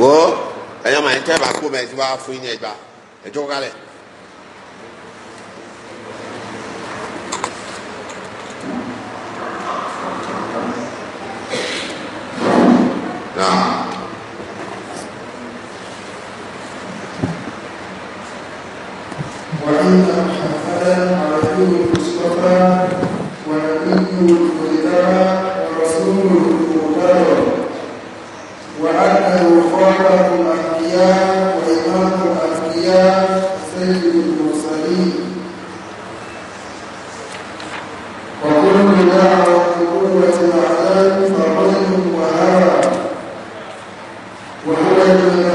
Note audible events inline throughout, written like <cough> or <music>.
wo ẹ̀yọ́ màá tẹ́ bá kó bẹ́ẹ̀ tí fún yín ní ẹgbàá ẹjọ́ kálẹ̀. وإن محمدا عبده المصطفى ونبيه المدعى أكبر الأنبياء وإمام الأتقياء سيد المرسلين وكل دعوة قوة العذاب فرجل وهوى وهو الذي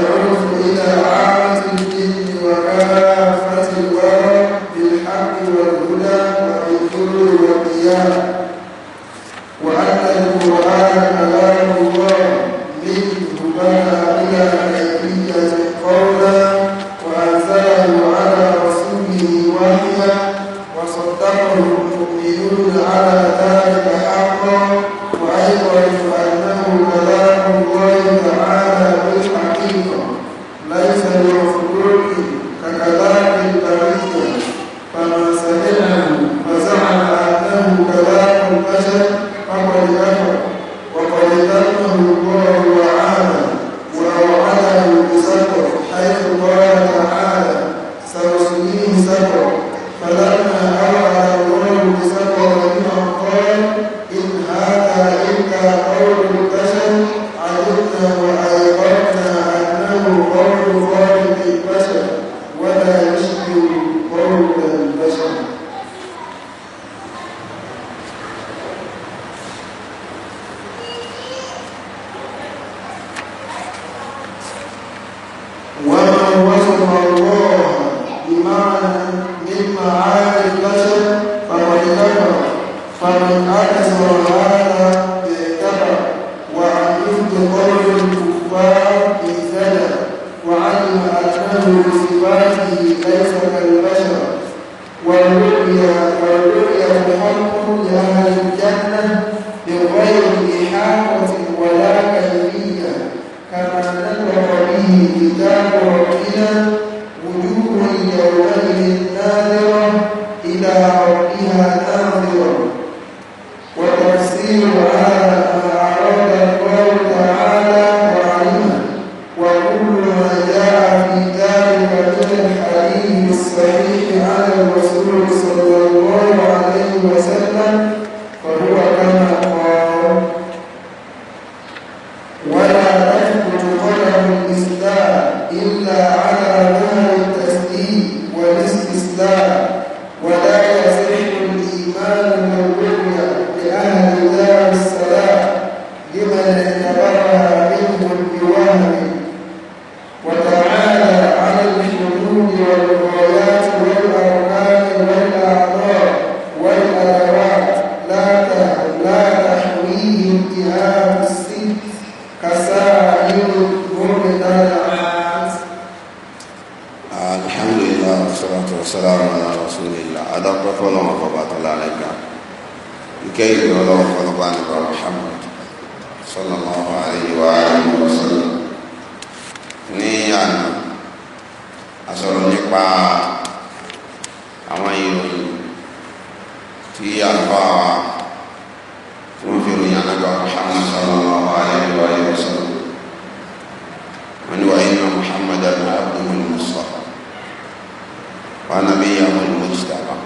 ونبيه المجتبى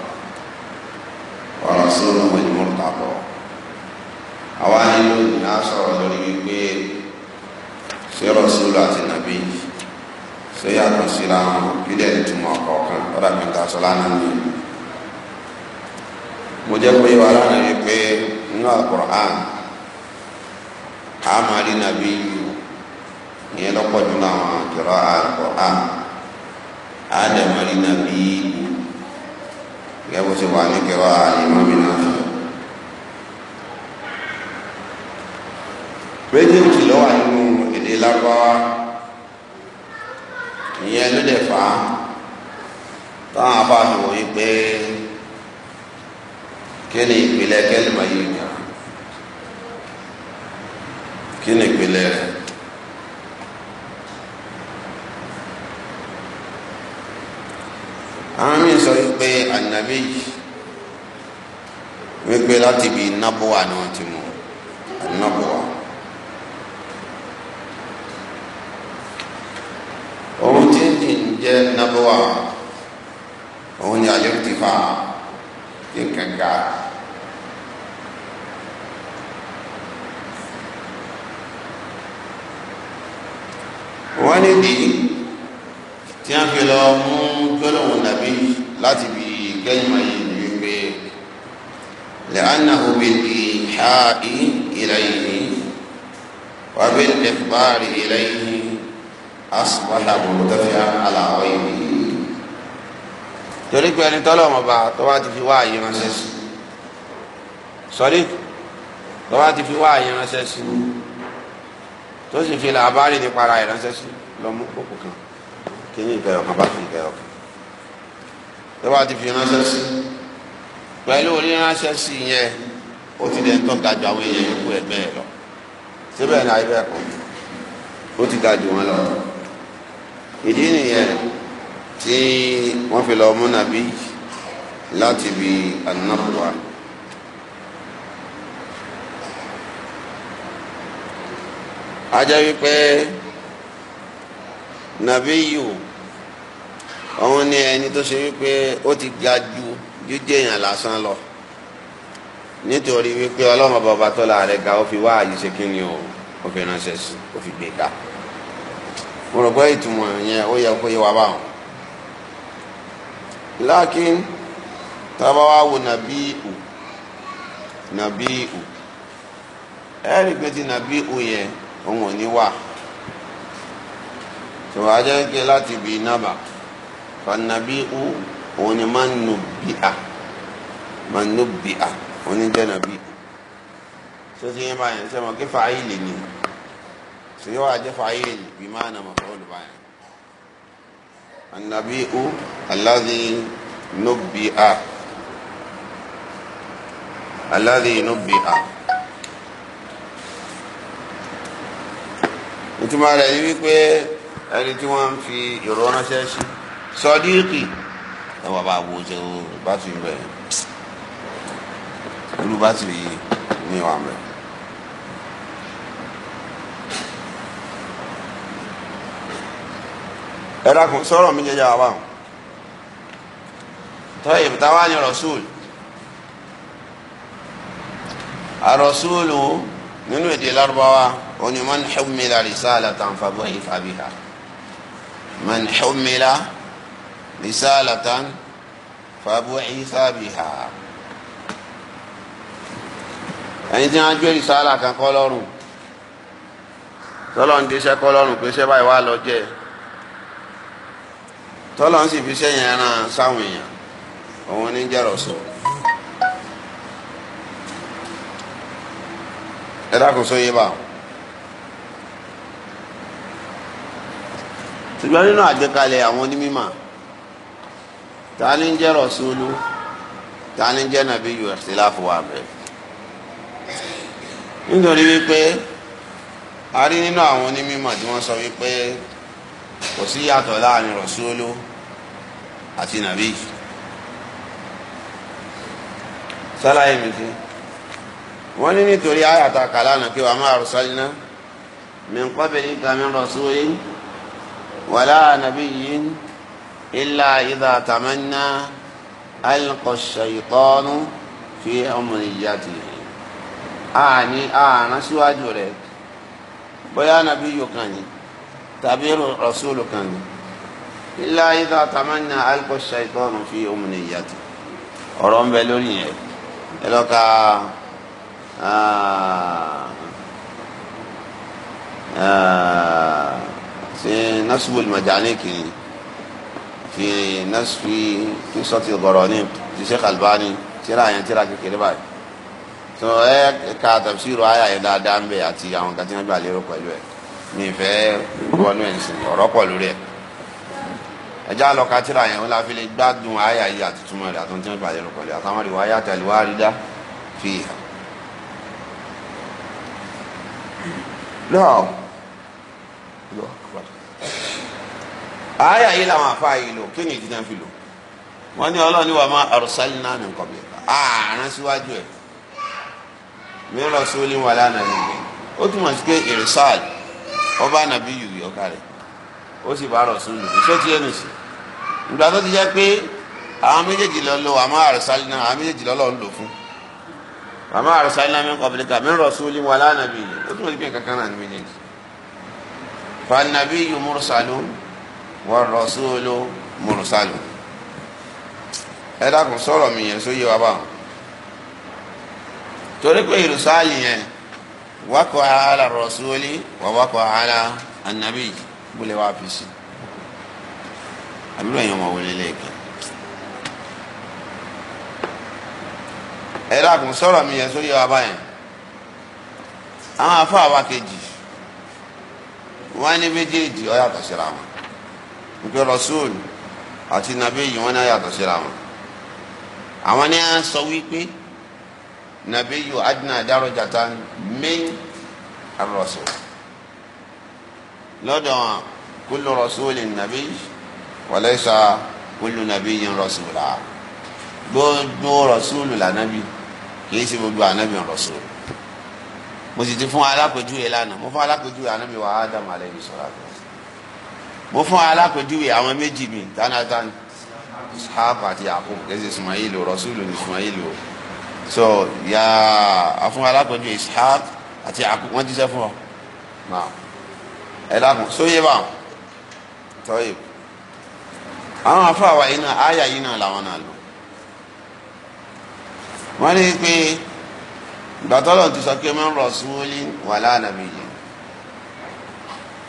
ورسوله المرتضى أواني لون عشر ذلك ṣe rọ̀ṣúlù àti nàbí ṣe yàtọ̀ síra wọn kílẹ̀ ìtumọ̀ ọ̀kọ̀ọ̀kan ọ̀dà pẹ̀ta sọ lánàá mi. mo jẹ́ pé wà lánàá yìí pé nínú Al-Qur'an a máa rí nàbí yìí ìyẹn Al-Qur'an. آدم لنبي يبو سبحانه كراء الإمام نافع méjèèjì lọ́wọ́ nínú èdè lágbáwá ìyẹn ló dẹ̀ fà á táwọn afáàfin wòye pé kí ni ìpìlẹ̀ kẹ́lìmọ̀ yìí kí ni ìpìlẹ̀ rẹ̀. àwọn míì sọ wípé ànábì yìí wípé láti ibi nábọ̀wá ni wọ́n ti mú nábọ̀wá. ohun tí ń dì ń jẹ́ òun ni àyè ti fa nǹkan ga. wọ́n ní dì tí wọ́n fi lọ mú gbólóhùn nàbí láti bí gẹ́yìn ayé ni wípé lẹ́ánàhó bèbí ha í ìlàyìn wà bẹ́ẹ̀ lẹ́fùbárì ìlàyìn asùpàdà mọ̀tẹ́fẹ́ àlàó yìí torí pé ẹni tọ́lọ̀ ọmọba tó bá ti fi wá àyè ránṣẹ́ sí sọ́rí tó bá ti fi wá àyè ránṣẹ́ sí tó sì fi làbárì nípa ara ìránṣẹ́ sí lọ́mú kókò kan kíní ìgbà ọ̀kan bá fi ìgbà ọ̀kan tó bá ti fi ránṣẹ́ sí pẹ̀lú oníránṣẹ́ sí yẹn ó ti dẹ̀ ń tọ́ ga ju àwọn èèyàn yòókù ẹgbẹ́ ẹ lọ síbẹ̀ ní ayé bẹ́ẹ̀ kọ́ ó ti ga ju wọn lọ ìdí nìyẹn tí wọ́n fi lọ mú nàbí láti bi anáfọ̀wá. ajẹ́ wípé. nàbíyù òun ni ẹni tó ṣe wípé ó ti ga ju jíjẹ èèyàn lásán lọ nítorí wípé ọlọ́run bàbá tó la rẹ̀ ga ó fi wá àyè ṣe kí ni o ó fi ránṣẹ́ sí ó fi gbé ká mo rò pé ìtumọ̀ yẹn ó yẹ kó yẹ wá tábà ti yẹn òun ò ní tó wàá jẹ́ pé láti bí nàbà fanabi u òun ni máa ń nù bí a máa ń nù bí a òun ni jẹ́ nàbí tó ti yẹn báyẹn sẹ́mo kí fàáyìlì ni tó wàá jẹ́ fàáyìlì bí máa nà mọ̀ fọ́ọ̀lù báyẹn anabi u aláàdì nù bí a aláàdì nù bí a. ìtumọ̀ rẹ̀ ni wípé ẹni tí wọ́n ń fi ìró ránṣẹ́ sí sọdíìkì ẹ wà bá wo ṣe o bátìrì rẹ irú bátìrì yìí ní ìwà rẹ. ẹ dákun sọ̀rọ̀ mi jẹjẹ àwa o tọ́yì táwa ni rọ̀ṣúùlù àrọ̀ṣúùlù nínú èdè lárúbáwá onímọ̀ ní xẹ́wùmí la rìsáàlà tàn fàbọ̀ ìfàbíhà. من حمل رسالة فبعث بها ẹni tí wọn gbé rìsáàlà kan kọ lọ́rùn tọlọ ń déṣẹ kọ lọ́rùn pé ṣẹ báyìí wà lọjẹ tọlọ ń sì fi sẹ́yìn ẹran sáwọn èèyàn òun ní jẹrọ sọ ẹ dákun sóyè báwọn. ṣùgbọ́n nínú àgbékalẹ̀ àwọn onímọ̀ ta ni ń jẹ́ rọ̀ṣúlù ta ni ń jẹ́ nàbí yóò ṣe láfọwọ́ abẹ́ nítorí wípé a rí nínú àwọn onímọ̀ tí wọ́n sọ wípé kò sí yàtọ̀ láàrin rọ̀ṣúlù àti nàbí sálàyé mi ti wọ́n ní nítorí àyàtà kàlánà kí wàá máa rọ̀ sálínà min qablika min rasulin. ولا نبي إلا إذا تمنى ألقى الشيطان في أمنيته أعني أنا سوى جورك بيا نبي كان تعبير الرسول كان إلا إذا تمنى ألقى الشيطان في أمنيته ورم بلوني لك آه آه في نصب المجانيك في نصف قصة الغرانيق في شيخ الباني ترى يعني ترى كده باي tó ẹ ka tafsiru aya yẹn dáadáa ń bẹ àti àwọn kan tí wọn gbà lérò pẹ̀lú ẹ mi fẹ́ wọnú ẹsìn ọ̀rọ̀ pọ̀ lórí ẹ ẹjá lọ ka tírà yẹn wọn la fi lè gbádùn aya yìí àti túmọ̀ rẹ àtúntí wọn gbà lérò pẹ̀lú àtàwọn ìwà ayé àtàlùwà àrídá fi hàn. àyà yìí làwọn àfáà yìí lò kí ni ìdí náà fi lò wọ́n ní ọlọ́run ní wàá má àrùsálì náà ní nǹkan bíi ààrùn síwájú ẹ̀ mi rọ sóòlì wà lánàá nìyẹn ó túmọ̀ sí pé ìrìsáàlì ọba nàbí yìí ọ̀ka rẹ̀ ó sì bá rọ̀ sóòlì ìṣó ti ẹnu sí ìgbà tó ti jẹ́ pé àwọn méjèèjì lọ lo àmọ́ àrùsálì náà àwọn méjèèjì lọ́ lọ́ọ́ lò fún àmọ́ àrùsálì náà mi kọ̀ bìlíkà mi rọ sóòlì wà lánàá nìyẹn ó túmọ̀ sí pé kankan náà ní méjèèjì fanabi yìí mùrùsàlùmù wa rasulu mursalu ẹ sọ̀rọ̀ mi yẹn sóyè wa báwọn torí pé ìrùsáàlì yẹn wákọ̀ ala rasuli wà wákọ̀ ala anabi gbọ́lẹ̀ fi si àbúrò yẹn ọmọ wọlé lẹ́ẹ̀kan ẹ sọ̀rọ̀ mi yẹn sóyè wa báyẹn àwọn afọ àwa kejì wọn ní méjèèjì ya yàtọ̀ wọn. wípé rasul àti nabi yìí wọn náà yàtọ̀ síra wọn àwọn ni a sọ wípé nabi yìí adina darajatan min ar-rasul lọ́dọ̀ kullu rasulin nabi wa laysa kullu nabiyyin rasula gbogbo rasulu lànàbí kìí ṣe gbogbo ànàbí rasulu mo sì ti fún alákòjú yẹn lánàá mo fún alákòjú yẹn ànàbí wa Adam alayhi salatu mo fún alápèjúwe àwọn méjì mi tánátán ishaq àti yakub kẹsì ismail rasulu ni ismail so ya afún alápèjúwe ishaq àti yakub wọn jíṣẹ́ fún ọ náà ẹ dákun sóyè bá tọyè àwọn afáwa yìí náà àyà yìí náà làwọn náà lò wọn ní pé gbàtọ́lọ̀ ti sọ pé mọ́ rọ̀ súnmọ́lì wà lánàá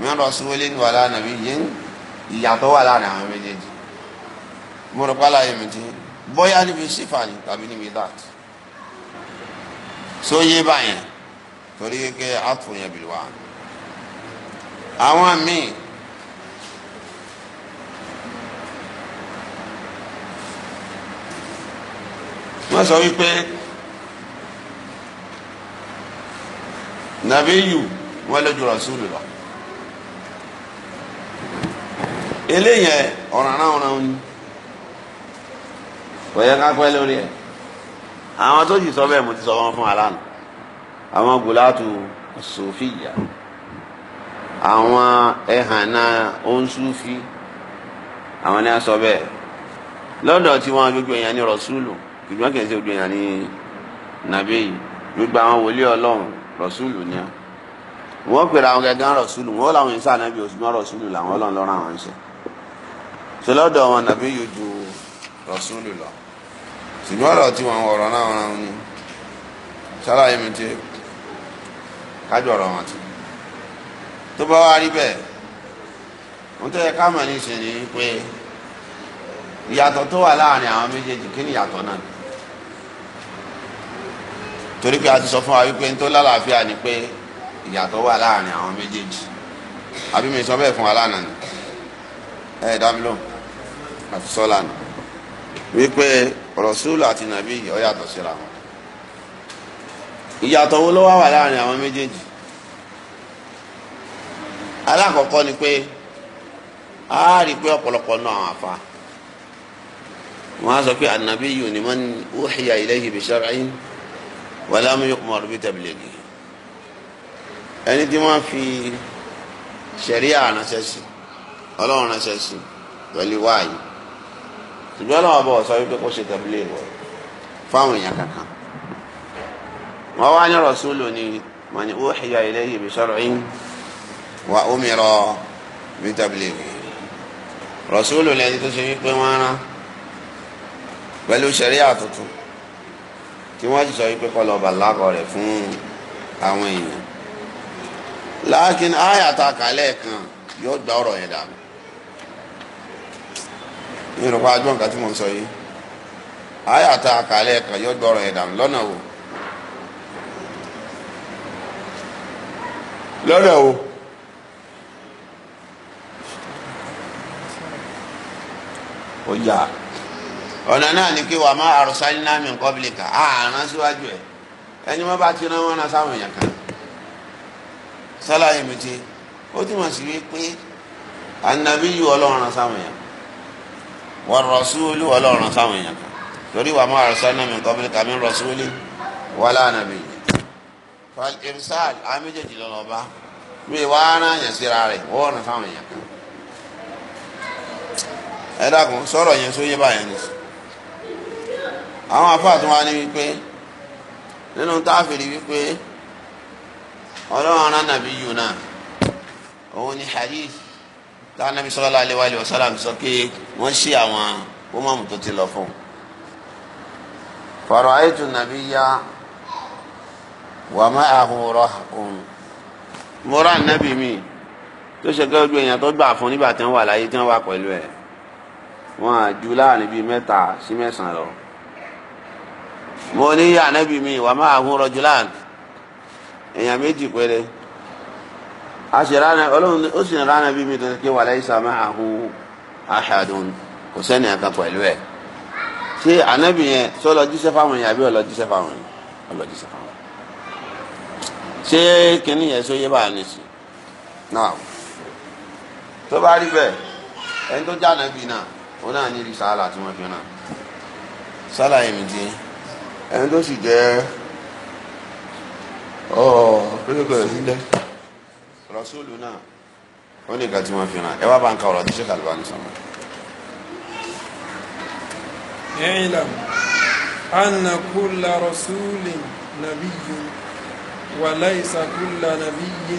mi rọ súnwélé ní wàhálà nàbí yẹn ìyàtọ̀ wà láàrin àwọn méjèèjì mo rò pálá yẹn mi ti bóyá níbi sífà ni tàbí níbi dat so yé báyẹn torí kéke àtúnyẹ bìlúwà àwọn míì. wọ́n sọ wípé nàbíyù wọ́n lójú rasúlù lọ. eléyẹn ọ̀ràn àwọn ọ̀ràn ni kò yẹ ká pẹ́ lórí ẹ̀ àwọn tó sì sọ bẹ́ẹ̀ mo ti sọ wọn fún aláàánú àwọn gùlátù sòfìyà àwọn ẹ̀hànà oṣùfì àwọn ni a sọ bẹ́ẹ̀ lọ́dọ̀ tí wọ́n gbégbé èèyàn ní ṣe gbogbo èèyàn àwọn wòlíì ọlọ́run ni wọ́n pèrè àwọn gẹ́gẹ́ wọ́n làwọn ṣe lọ́dọ̀ wọn nàbí yóò ju rọ̀ṣúlù lọ tí wọ́n ọ̀rọ̀ náà wọn ni ṣàlàyé mi ti kájọ ọ̀rọ̀ wọn ti tó bá wà rí bẹ́ẹ̀ wọ́n tẹ́ ká mọ̀ ní ìṣẹ̀lẹ̀ pé ìyàtọ̀ tó wà láàrin àwọn méjèèjì kí ni náà torí pé a ti sọ fún wa wípé nítorí lálàáfíà ni pé wà láàrin àwọn méjèèjì àbí mi sọ bẹ́ẹ̀ fún wa lánàá ni ẹ dá mi lóhùn. àti sọ́lànà wípé rọ̀súlù àti nàbí ó yàtọ̀ síra wọn ìyàtọ̀ wo ló wá wà láàrin àwọn méjèèjì alákọ̀ọ́kọ́ ni pé a rí i pé ọ̀pọ̀lọpọ̀ náà àwọn afa wọn á sọ pé ànàbí yìí ni man uhiya ilayhi bi shar'in wa lam yu'mar bi tablighi ẹni tí wọ́n fi ṣẹ̀ríà ránṣẹ́ sí ọlọ́run ránṣẹ́ sí pẹ̀lú wáyé ṣùgbọ́n náà bọ̀ sọ wípé kó ṣe tẹ̀bílẹ̀ wọ̀ fáwọn èèyàn kankan wọ́n wá ní rọ̀ṣúlù ni wọ́n ní ó xìyà ilé yìí bí sọ̀rọ̀ yín wà ó mi rọ bí tẹ̀bílẹ̀ wọ̀ rọ̀ṣúlù lẹ́ni tó ṣe wípé wọ́n rán pẹ̀lú ṣẹ̀ríà tuntun tí wọ́n ti sọ wípé kọ́ lọ́ọ́ bàlágọ̀ rẹ̀ fún àwọn èèyàn láàkín áyà ta kàlẹ́ kan yóò gba ọ̀rọ̀ yẹn dànù ìrọ̀pá ajọ́ nǹkan tí mo ń sọ yìí àyàtà àkàlẹ̀ kan yóò gbọ́rọ̀ ẹ̀ dànù lọ́nà o lọ́nà o ó yà ọ̀nà náà ni kí wà má arsalna min qablika àrùn síwájú ẹ̀ ẹni wọ́n bá ti rán wọn náà sáwọn èèyàn kan sálàyé mi ti ó ti mọ̀ sí wípé ànábì yìí ọlọ́run sáwọn èèyàn wọ́n rọ̀súlù ọlọ́run sáwọn èèyàn kan torí wàá mọ àrùsọ́nà mi nǹkan bíi kàmí rọ̀súlì wà lánàá mi. falkimsal àwọn méjèèjì lọ́lọ́ bá mi wá rán yẹn síra rẹ̀ wọ́n rán sáwọn èèyàn kan. ẹ dákun sọ̀rọ̀ yẹn sóyè báyẹn ni àwọn afáà tó wá ní wípé nínú táàfìrí wípé ọlọ́run rán nàbí yìí náà òun ni hadith táwọn nàbí sallallahu alaihi wa sallam sọ pé wọ́n ṣí àwọn ọmọọmọ tó ti lọ fún un. fara'aytu nabiyya wa ma'ahu rahun mo rà nàbí mi tó ṣe kẹ́ ojú èèyàn tó gbà fún nígbà tí wọ́n wà láyé tí wọ́n wà pẹ̀lú ẹ̀ wọ́n ju láàrin bíi mẹ́ta sí mẹ́sàn-án lọ mo ní yà mi wa ma'ahu rajulan èèyàn méjì péré a sì rà náà ọlọ́run ó sì rà náà bí mi tó ké wàlẹ́ ìsàmà àhú ahadun kò sẹ́ni ẹ̀ka pẹ̀lú ẹ̀ ṣé ànábì yẹn sọ lọ fáwọn yẹn àbí ọ fáwọn yẹn ọ fáwọn yẹn ṣé kínní yẹn sọ yé bá a nìṣí náà tó bá rí bẹ́ẹ̀ ẹni tó já ànábì náà ó náà ní rìsáàlà tí wọ́n fi náà sálà yẹn mi ti ẹni tó sì jẹ́ ọ̀ pé kò sí lẹ́sìn rọ́súlù náà ó ní nǹkan tí wọ́n fi ràn ẹ wá bá ń ka ọ̀rọ̀ tí sheikh Albani sọ̀rọ̀. اعلم أن كل رسول نبي وليس كل نبي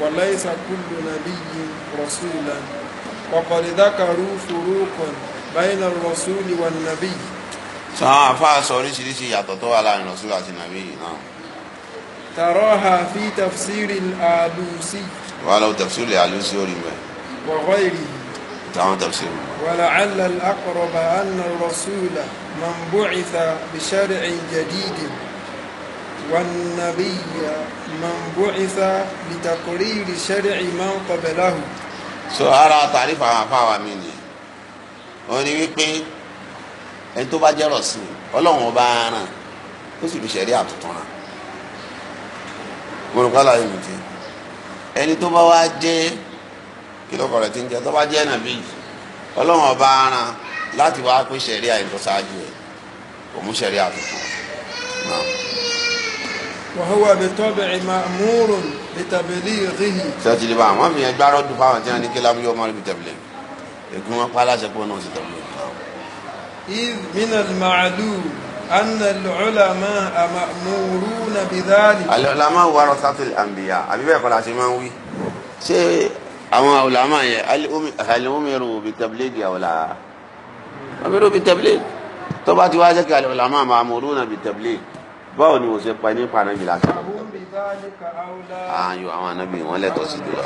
وليس كل نبي رسولا وقد ذكروا فروقا بين الرسول والنبي. sọ àwọn afa sọ oríṣiríṣi ìyàtọ̀ tó wà láàrin rọ̀ṣúlù àti nàbí yìí náà tàrọ́hà fi tafsiri àlùsí. wàhálà tafsiri àlùsí orí mẹ́. wàhọ́ ìrì. táwọn tafsiri. wàlà àlà àkọrọ̀bà àna rọ̀ṣúlà man bu'itha bi shar'in jadidin والنبي من بعث بتقرير شرع من قبله so ara tàrífù àwọn afáwa mi ni wọn ni wípé ẹni tó bá jẹ́ rọ̀ sí i ọlọ́run ọba aràn ó sì fi ṣẹ̀rí àtúntàn ràn gbòròpálá yìí mi ti ẹni tó bá wá jẹ́ kìlọ́kọ̀ rẹ̀ ti ń jẹ́ tó bá jẹ́ nàbí ọlọ́run ọba ara láti wá pé sẹ̀rí àìtọ́ ṣáájú ẹ̀ kò mú sẹ̀rí àtúntò náà. wàhùwà bìtọ́bẹ̀ ìmàmúrò bìtàbílì rìhì. sẹ́tìlì bá àwọn mìíràn gbárò dùn fáwọn tí wọ́n ní kí lámúyọ́ ọmọ rẹ̀ bìtàbílì ègún wọn pa aláṣẹ pọ̀ náà sì tàbílì. ìmìnà màálù أن العلماء مأمورون بذلك العلماء ورثة الأنبياء أبي بيقول عشماوي شيء أما علماء هل أمروا بتبليغ أو لا أمروا بتبليغ tó bá ti wá jẹ́ kí al-ulama ma'muruna bit-tabligh báwo ni mo ṣe pa nípa anábì láti. ayò àwọn anábì wọn lẹ́tọ̀ọ́ sí jùlọ.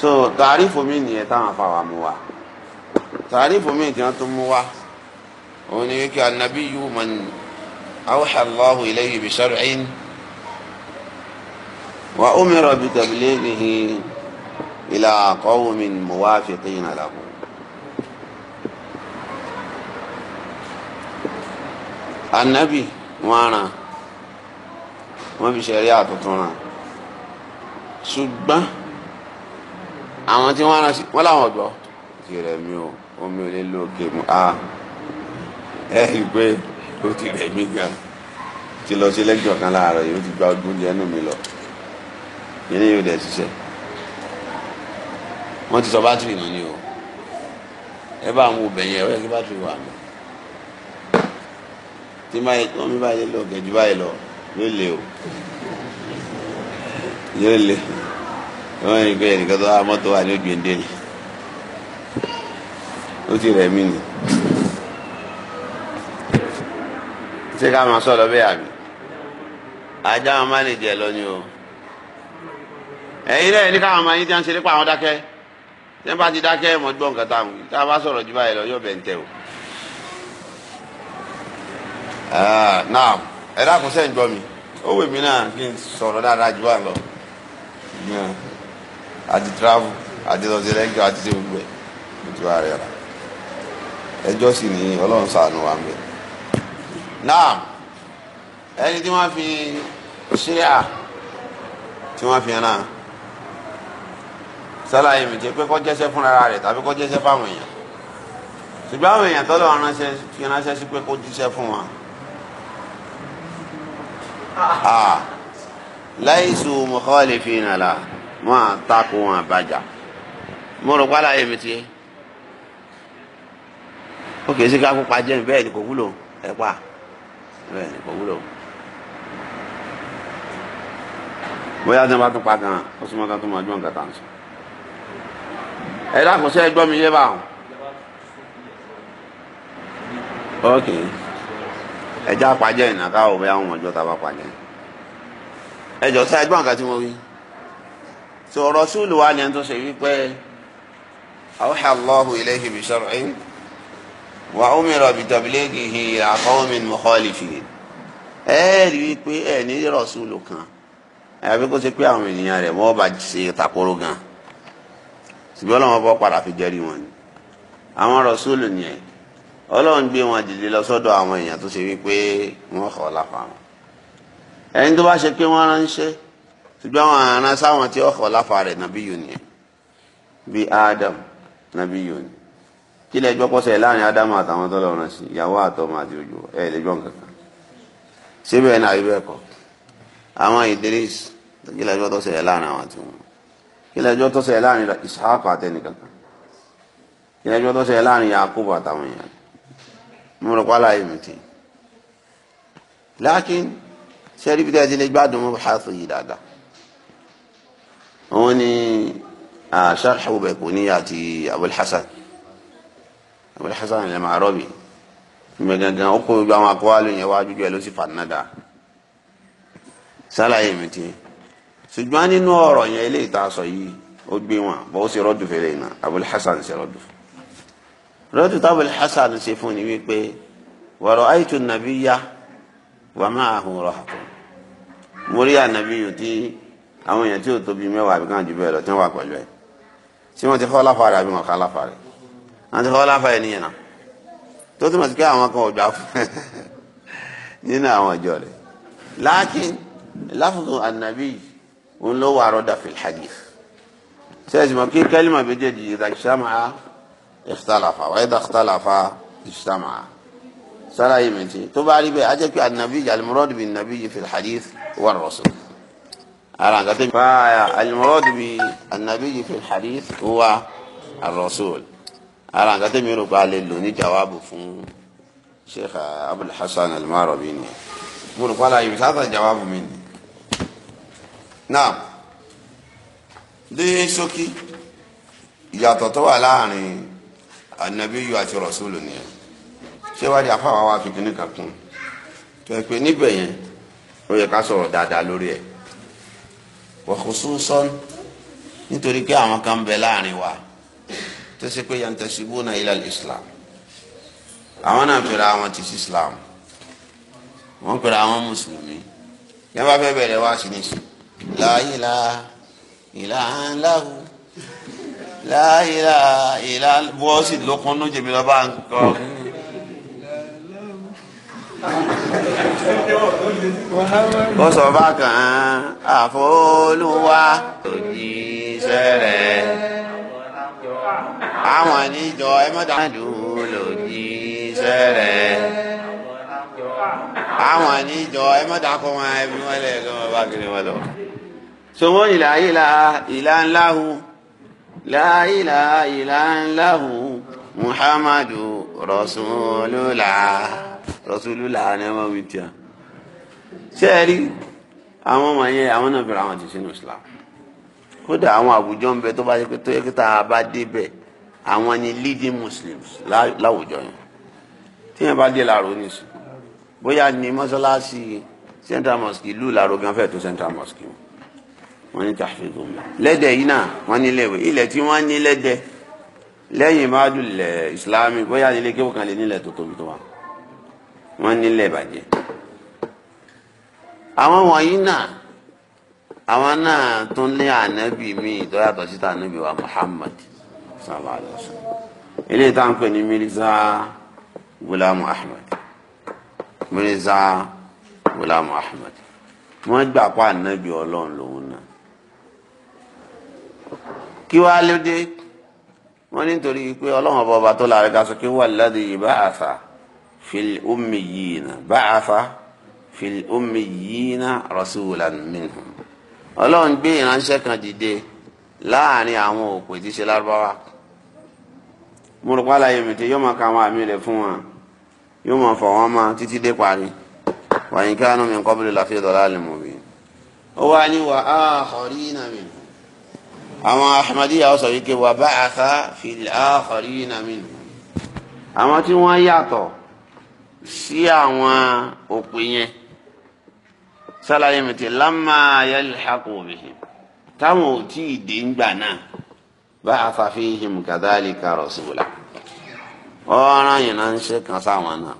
so tàrífù mi nìyẹn táwọn afáwa mú wa tàrífù mi tí wọ́n tún mú wa òun ni wípé anabi yóò mọ ní awuxa allahu ilayhi bi sharcin wa umira bi tablighihi ila qawmin muwafiqina lahu. anabi wọn ràn wọn fi ṣẹlẹ àtúntún ràn ṣùgbọ́n àwọn tí wọn ràn sí wọn làwọn gbọ́ tìrẹ mi omi ò lè lókè mu a. Ah ẹ rí i pé ó ti rẹ̀ mí gan ti lọ sí lẹ́jọ̀ kan láàárọ̀ yìí ó ti gba ọdún jẹ́ nù mí lọ yìí ni yóò dẹ̀ ṣiṣẹ́ wọ́n ti sọ bátìrì nù ni o ẹ bá àwọn obìnrin ẹ̀rọ yẹ kí bátìrì wà mí tí máa wọ́n mi báyìí lọ gẹ̀jú báyìí lọ yóò lé o yóò lé wọ́n yìí pé ẹnìkan tó wá mọ́tò wà ní ojú ẹ̀ ń dé ó ti rẹ̀ mí ni. ṣé ká máa sọ̀rọ̀ bẹ́ẹ̀ àbí ajá wọn má lè jẹ lọ ni o ẹ̀yin náà ní káwọn máa yín tí wọ́n ń ṣe nípa àwọn dákẹ́ tí wọ́n bá ti dákẹ́ mọ̀ gbọ́ nǹkan táwọn tá a bá sọ̀rọ̀ jù báyìí lọ yóò bẹ̀ ń tẹ̀ o. Ah, ẹ dákun sẹ́yìn gbọ́ mi ó wè mí náà kí n sọ̀rọ̀ dáadáa jù báyìí lọ àti travel àti lọ́sẹ̀ lẹ́jọ́ àti ṣe gbogbo ẹ̀ ẹjọ́ sì ní ọlọ́run ṣàánú wa ń naam ẹni tí wọ́n fi ṣíà tí wọ́n fi hàn sálàyé mi jẹ́ pé kó jẹ́ṣẹ́ fúnra rẹ̀ tàbí kó jẹ́ṣẹ́ fáwọn èèyàn ṣùgbọ́n àwọn èèyàn tọ́lọ̀ ránṣẹ́ fi ránṣẹ́ sí pé kó jíṣẹ́ fún wọn. Ah. Ah. láìsù mukhalifina la wọn àtakò wọn àbájá mo rò pa láyé mi ó kè sí ká kópa jẹ́ bẹ́ẹ̀ ni kò wúlò ẹ̀ pa bẹ́ẹ̀ ni kò wúlò bóyá ní wọn bá tún pa gan ó súnmọ́ kan tó máa jó nǹkan kan sọ ẹ dákòóso ẹ gbọ́ mi yé báwọn ok ẹ já pàjẹ́ ìnáká ò bẹ́ẹ̀ àwọn ọmọ ìjọ ta bá pàjẹ́ ẹ jọ sí ẹgbọ́n nǹkan tí mo wí sọ̀rọ̀ súlù wa ni ẹni tó ṣe wípé awha Allahu ilayhi bi shar'in wà ó mi rọ̀ bìtàbílẹ́gì hin àkọ́wọ́mi mọ̀kọ́lìfìyè ẹ rí i pé ẹ ní rọ̀ṣúlù kan àyàfi kó ṣe pé àwọn ènìyàn rẹ̀ wọ́n bá ṣe takoro gan ṣùgbọ́n ọlọ́wọ́n bọ́ padà fi jẹ́rìí wọn ni àwọn rọ̀ṣúlù nìyẹn ọlọ́run gbé wọn dìde lọ sọ́dọ̀ àwọn èèyàn tó ṣe wípé wọ́n kọ́ láfa wọn ẹni tó bá ṣe pé wọ́n ránṣẹ́ ṣùgbọ́n àwọn aránṣẹ́ àwọn tí wọ́n kọ́ láfa rẹ̀ nàbí yòó nìyẹn bíi Adam nàbí yòó ni kí lẹ gbọ́ pọ́sẹ̀ láàrin ádámù àtàwọn tó lọ́rùn sí ìyàwó àtọmọ àti ojú ẹ lè gbọ́ nǹkan kan síbẹ̀ náà ibẹ̀ kọ́ àwọn Idris kí lẹ gbọ́ tó ṣẹlẹ̀ láàrin àwọn àti wọn kí lẹ gbọ́ tó ṣẹlẹ̀ láàrin Ishaq àtẹnìkan kan kí lẹ gbọ́ tó ṣẹlẹ̀ láàrin Yakubu àtàwọn èèyàn mo rò pálá yìí mi tì lákín sẹ́rí bí tẹ́tí lè gbádùn mọ́ bàtà yìí dáadáa òun ni sharh Baiquni àti Abul Hasan. Abul Hasan al-Ma'rabi ìgbẹ́ gangan ó kó gbogbo àwọn akọ́wálò yẹn wájú jù ẹ ló sì fànádà sálàyé mi ti ṣùgbọ́n nínú ọ̀rọ̀ yẹn eléyìí tá a sọ yìí ó gbé wọn bó ṣe rọ́dù fèrè náà Abul Hasan ṣe rọ́dù rọ́dù tá Abul Hasan ṣe fún ni wípé wa ra'aytu an-nabiyya wa ma'ahu rahatu mo rí ànàbí yòó tí àwọn èèyàn tí ò tóbi mẹ́wàá àbíkan jù bẹ́ẹ̀ lọ tí wọ́n wà pẹ̀lú ẹ̀ tí wọ́n ti fọ́ láfa àbí wọn kà láfa àti fọwọ́ láfa ẹ̀ nìyẹn náà tó túmọ̀ sí pé àwọn kan ò gbà fún ẹ <laughs> nínú àwọn ìjọ rẹ̀ láàkín láfùdù ànàbí òun ló wà rọ́dà fil hadith sẹ́yìn mọ̀ kí kẹ́límà méjèèjì ìdàkísàmà ìfitàlàfà wáyé dàkítàlàfà ìfitàmà sálàyé mẹ́tì tó bá rí bẹ́ẹ̀ ajẹ́ pé ànàbí alimọ́rọ́dù bí nàbí fil hadith wà rasul ara nǹkan tó ń bá alimọ́rọ́dù bí ànàbí fil hadith wà rasul ara nǹkan tẹ́mi rò pé a lè lò ní jawabu fún sheikh abul hasan almarobi ni mo rò pé ala yìí sáà tàn jawabu mi ni. náà dé ṣókí ìyàtọ̀ tó wà láàrin anabiyu àti rasulu nìyẹn ṣé wàá di afáwa wa fi kíní kan kún tó yẹ pé níbẹ̀ yẹn ó yẹ ká sọ̀rọ̀ dáadáa lórí ẹ̀ wa khususan nítorí pé àwọn kan ń bẹ láàrin wa tó ṣe pé yantasibuna ila islam àwọn náà pèrè àwọn ti islam wọ́n pèrè àwọn mùsùlùmí yẹn bá fẹ́ bẹ̀rẹ̀ wá sí nísì láyìlá ìlà ńláhu láyìlá ìlà bọ́ọ̀sì lókun ní jèmi lọ́ba nǹkan. ó sọ bákan àfọlùwà òjì sẹ́rẹ̀ àwọn níjọ ẹ mọ́ta dùn lòdì sẹ́rẹ̀ àwọn níjọ ẹ mọ́ta kọ́ wọn ẹbí wọn lẹ̀ kọ́ wọn bá kiri wọn lọ. sọmọ ìlà ìlà ìlà ńlá hu láìlà ìlà ńlá hu muhammadu rasulullah rasulullah ni wọn wí tiẹ. sẹ́ẹ̀rí àwọn ọmọ yẹn àwọn náà bẹ̀rẹ̀ àwọn ti sínú islam kódà àwọn àwùjọ ń bẹ tó bá yẹ pé tó yẹ kí tá a bá débẹ̀ àwọn ni leading muslims láwùjọ yẹn tíyẹn bá dé làrò nísì bóyá ní mọ́sálásí central mosque ìlú làrò gan fẹ́ tó central mosque wọ́n ní tàfíìkù lẹ́dẹ̀ yìí náà wọ́n ní lẹ́wẹ̀ ilẹ̀ tí wọ́n ní lẹ́dẹ̀ lẹ́yìn mádùlẹ̀ ìsìlámì eh, bóyá ilé kéwọ́ kan lè nílẹ̀ tó tóbi tó wà wọ́n nílẹ̀ bàjẹ́ àwọn wọ̀nyí náà àwọn náà tún lé ànábì míì tó yàtọ̀ síta ànábì wa Muhammad sallallahu alayhi wa sallam eléyìí tá à ń pè ní Mirza Gulamu Ahmed Mirza Gulamu Ahmed wọ́n gbà pa ànábì ọlọ́run lòun náà kí wàá lóde wọ́n nítorí pé ọlọ́run ọba tó láàrin ká sọ pé wà ládì ba'atha fil ummiyina ba'atha fil ummiyina rasulan minhum ọlọ́run gbé ìránṣẹ́ kan dìde láàrin àwọn òpè tí ṣe lárúbáwá mo rò pálá yẹn mìtì yóò máa ka àwọn àmì rẹ̀ fún wọn yóò máa fọ̀ wọ́n máa títí dé parí wàyí ká nù mi. nǹkan bí lọ́la fi dọ̀lá lè mọ̀ bí. ó wá ní wà á àkọ́rí nàmì àwọn ahmadiyya ó sọ wípé wà bá àká fi àkọ́rí nàmì àwọn tí wọ́n yàtọ̀ sí àwọn òpè yẹn sálàyé mi ti lámà yalhaqu bihim táwọn ò tí ì dé ńgbà náà ba'atha fihim kadhalika rasula ọ̀ràn yìí náà ń ṣe kan sáwọn náà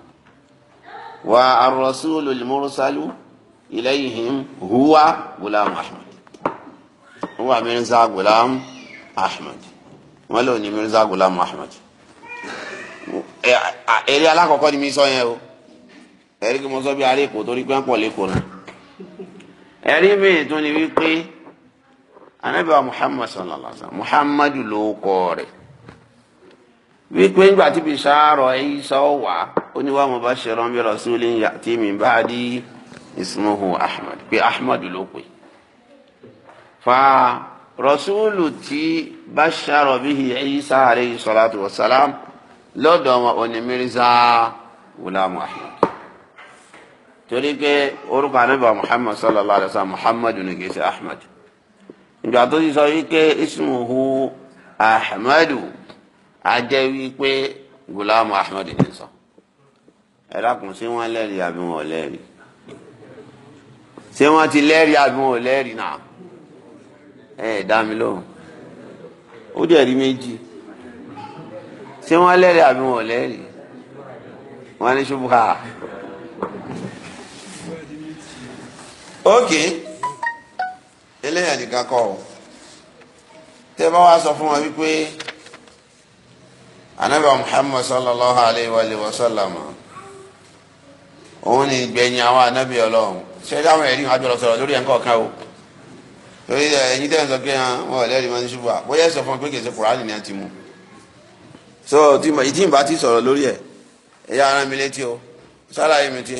wa ar-rasulu al-mursalu ilayhim huwa gulam ahmed huwa mirza gulam ahmed wọn lò ní mirza gulam ahmed èrè alákọ̀ọ́kọ́ ni mi sọ yẹn o ẹ̀rí kí mo sọ bí arí torí pé ń pọ̀ lẹ́kọ̀ọ́ náà ẹ̀rí míì tún ni wípé anabi wa muhammad sallallahu alaihi wa sallam muhammadu ló kọ rẹ̀ wípé ńgbà tí bisaro Ìsá wà ó ní wa mubashiran bi rasulin ya'ti min ba'di ismuhu ahmad pé ahmad ló pè fa rasulu tí basharo bihi Ìsá alayhi salatu wa salam lọ́dọ̀ wọn ò mirza wùlámù ahmad. tori pé orúkọ anábà muhammad sallallahu alaihi wa sallam muhammad ní kìí sọ wípé ismuhu ahmedu ajẹ́ wípé gulaamu ahmed ní sọ ẹ dákun ṣé wọn ti wọn ẹ dá o lóhùn ó dẹ̀ rí méjì ṣé wọn oge eléyà nìkan kọ́ ọ tẹ́ sọ fún wa wípé anabi muhammad sallallahu alayhi wa sallam òun ni gbẹ̀yìn àwọn anabi ọlọ́run ṣé dáhùn ẹ̀rí wọn àjọlọ sọ̀rọ̀ lórí o torí ẹ̀yin tẹ́ ń sọ pé ah, wọn ò lẹ́rìí ṣubú à bóyá sọ fún mi pé kùránì ni a ti mú so ti sọ̀rọ̀ lórí ẹ̀ ẹ̀yà ara mi létí o sálàyé mi ti.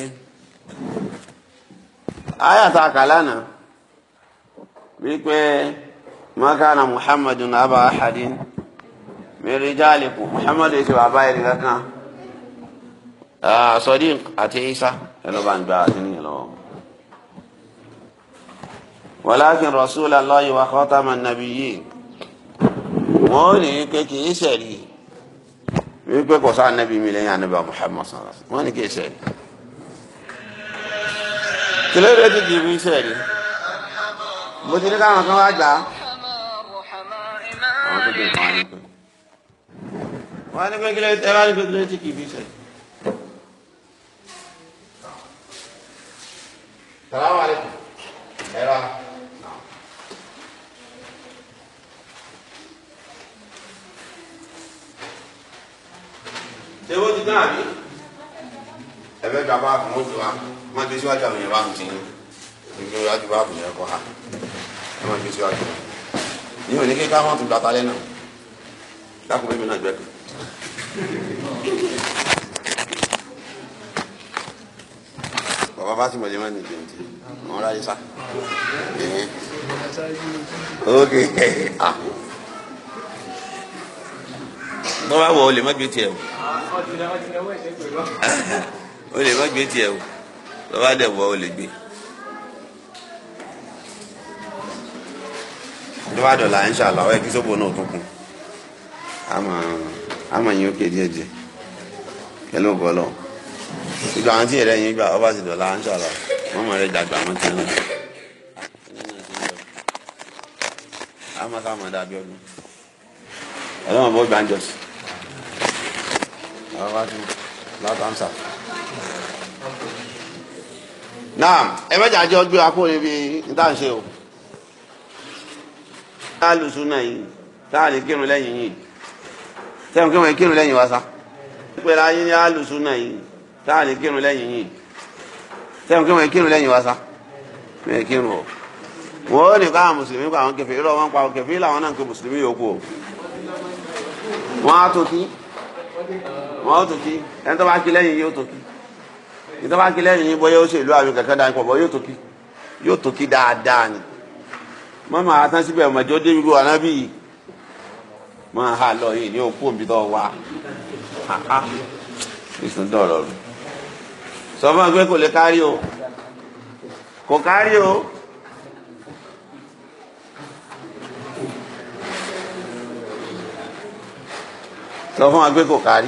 ayàtà kàlánà wípé makana muhammadu naba ahadin mẹ́rin jáàlìkù muhammadu ètò bàbá ẹ̀rí kankan ah, sodiq àti isa ẹ̀rọ bá ń gba àti ní ìlọ́wọ́ walakin rasulallahi wa khataman nabiyyin wọ́n ò ní pé kì í sẹ̀rí wípé kò sáà nàbí mi lẹ́yìn ànábì muhammad sallallahu alaihi ní kì í kìlẹ̀ rẹ̀ ti di ibi iṣẹ́ rẹ̀ mo ti ní káwọn kan wá gbà á. àwọn tó bẹ̀rẹ̀ wọn á ní pẹ́ wọn á ní pẹ́ kílẹ̀ ẹ bá ní pẹ́ kílẹ̀ ti kì í bí iṣẹ́ rẹ̀. Salamu alaikum. Ẹ bá. Ṣé wọ́n ti tán àbí? ẹbẹ tó a bá fún wa má gbé síwájú àwọn yẹn bá ń tiyín gbé síwájú bá bùn yẹn kọ ha ẹ má gbé síwájú wọn. ní kíkà wọn tún gba talẹ náà dákun bẹ́ẹ̀ mi náà gbẹ kan. bàbá bá ti mọ̀ jẹ́ ní jẹun tí wọ́n ráyé sá. ok <laughs> ah bá wọ̀ ọ́ lè má gbé tiẹ̀ o. <laughs> o lè má gbé tiẹ̀ o bàbá dẹ̀ o lè gbé. tó bá ń ṣàlọ́ ẹ kí sóbò náà tó kù àmọ̀ yín ó díẹ̀ díẹ̀ pẹ̀lú ògbọ́lọ̀ ìgbà àwọn tí ẹ̀rẹ́ yín gbà ọba sì dọ̀là ń ṣàlọ́ wọ́n mọ̀ rẹ̀ dàgbà wọn àmọ́ ọdún bó sí. naam ẹ mẹ́ta jẹ́ ọgbẹ́ akóre bí se o alùsùn náà yìí táà lè kírun lẹ́yìn yìí sẹ́wọ̀n kí wọ́n kírun lẹ́yìn wa sa pẹ̀lú ayé ní alùsùn náà yìí táà lè kírun lẹ́yìn yìí sẹ́wọ̀n kí wọ́n kírun lẹ́yìn wa sa wọ́n kírun o wọ́n ó ní káwọn mùsùlùmí kọ àwọn kẹfì irọ́ wọn pa kẹfì ilé àwọn náà ń pe mùsùlùmí yòókù o wọ́n á tó kí wọ́n á tó kí ẹni tó bá kí lẹ́yìn yìí tó kí ìtàn bá kí lẹ́yìn yín bóyá ó ṣèlú àbí kankan dání pọ̀ bọ́ yóò tó kí yóò tó kí dáadáa ni mọ́mọ́ àtàn síbẹ̀ ọmọdé ó débi wà nábì máa hà lọ yìí ní òkú òbí tó wà ìsìn rẹ̀ sọ fún wa pé kò lè kárí o kò kárí o. sọ fún wa pé kò kárí.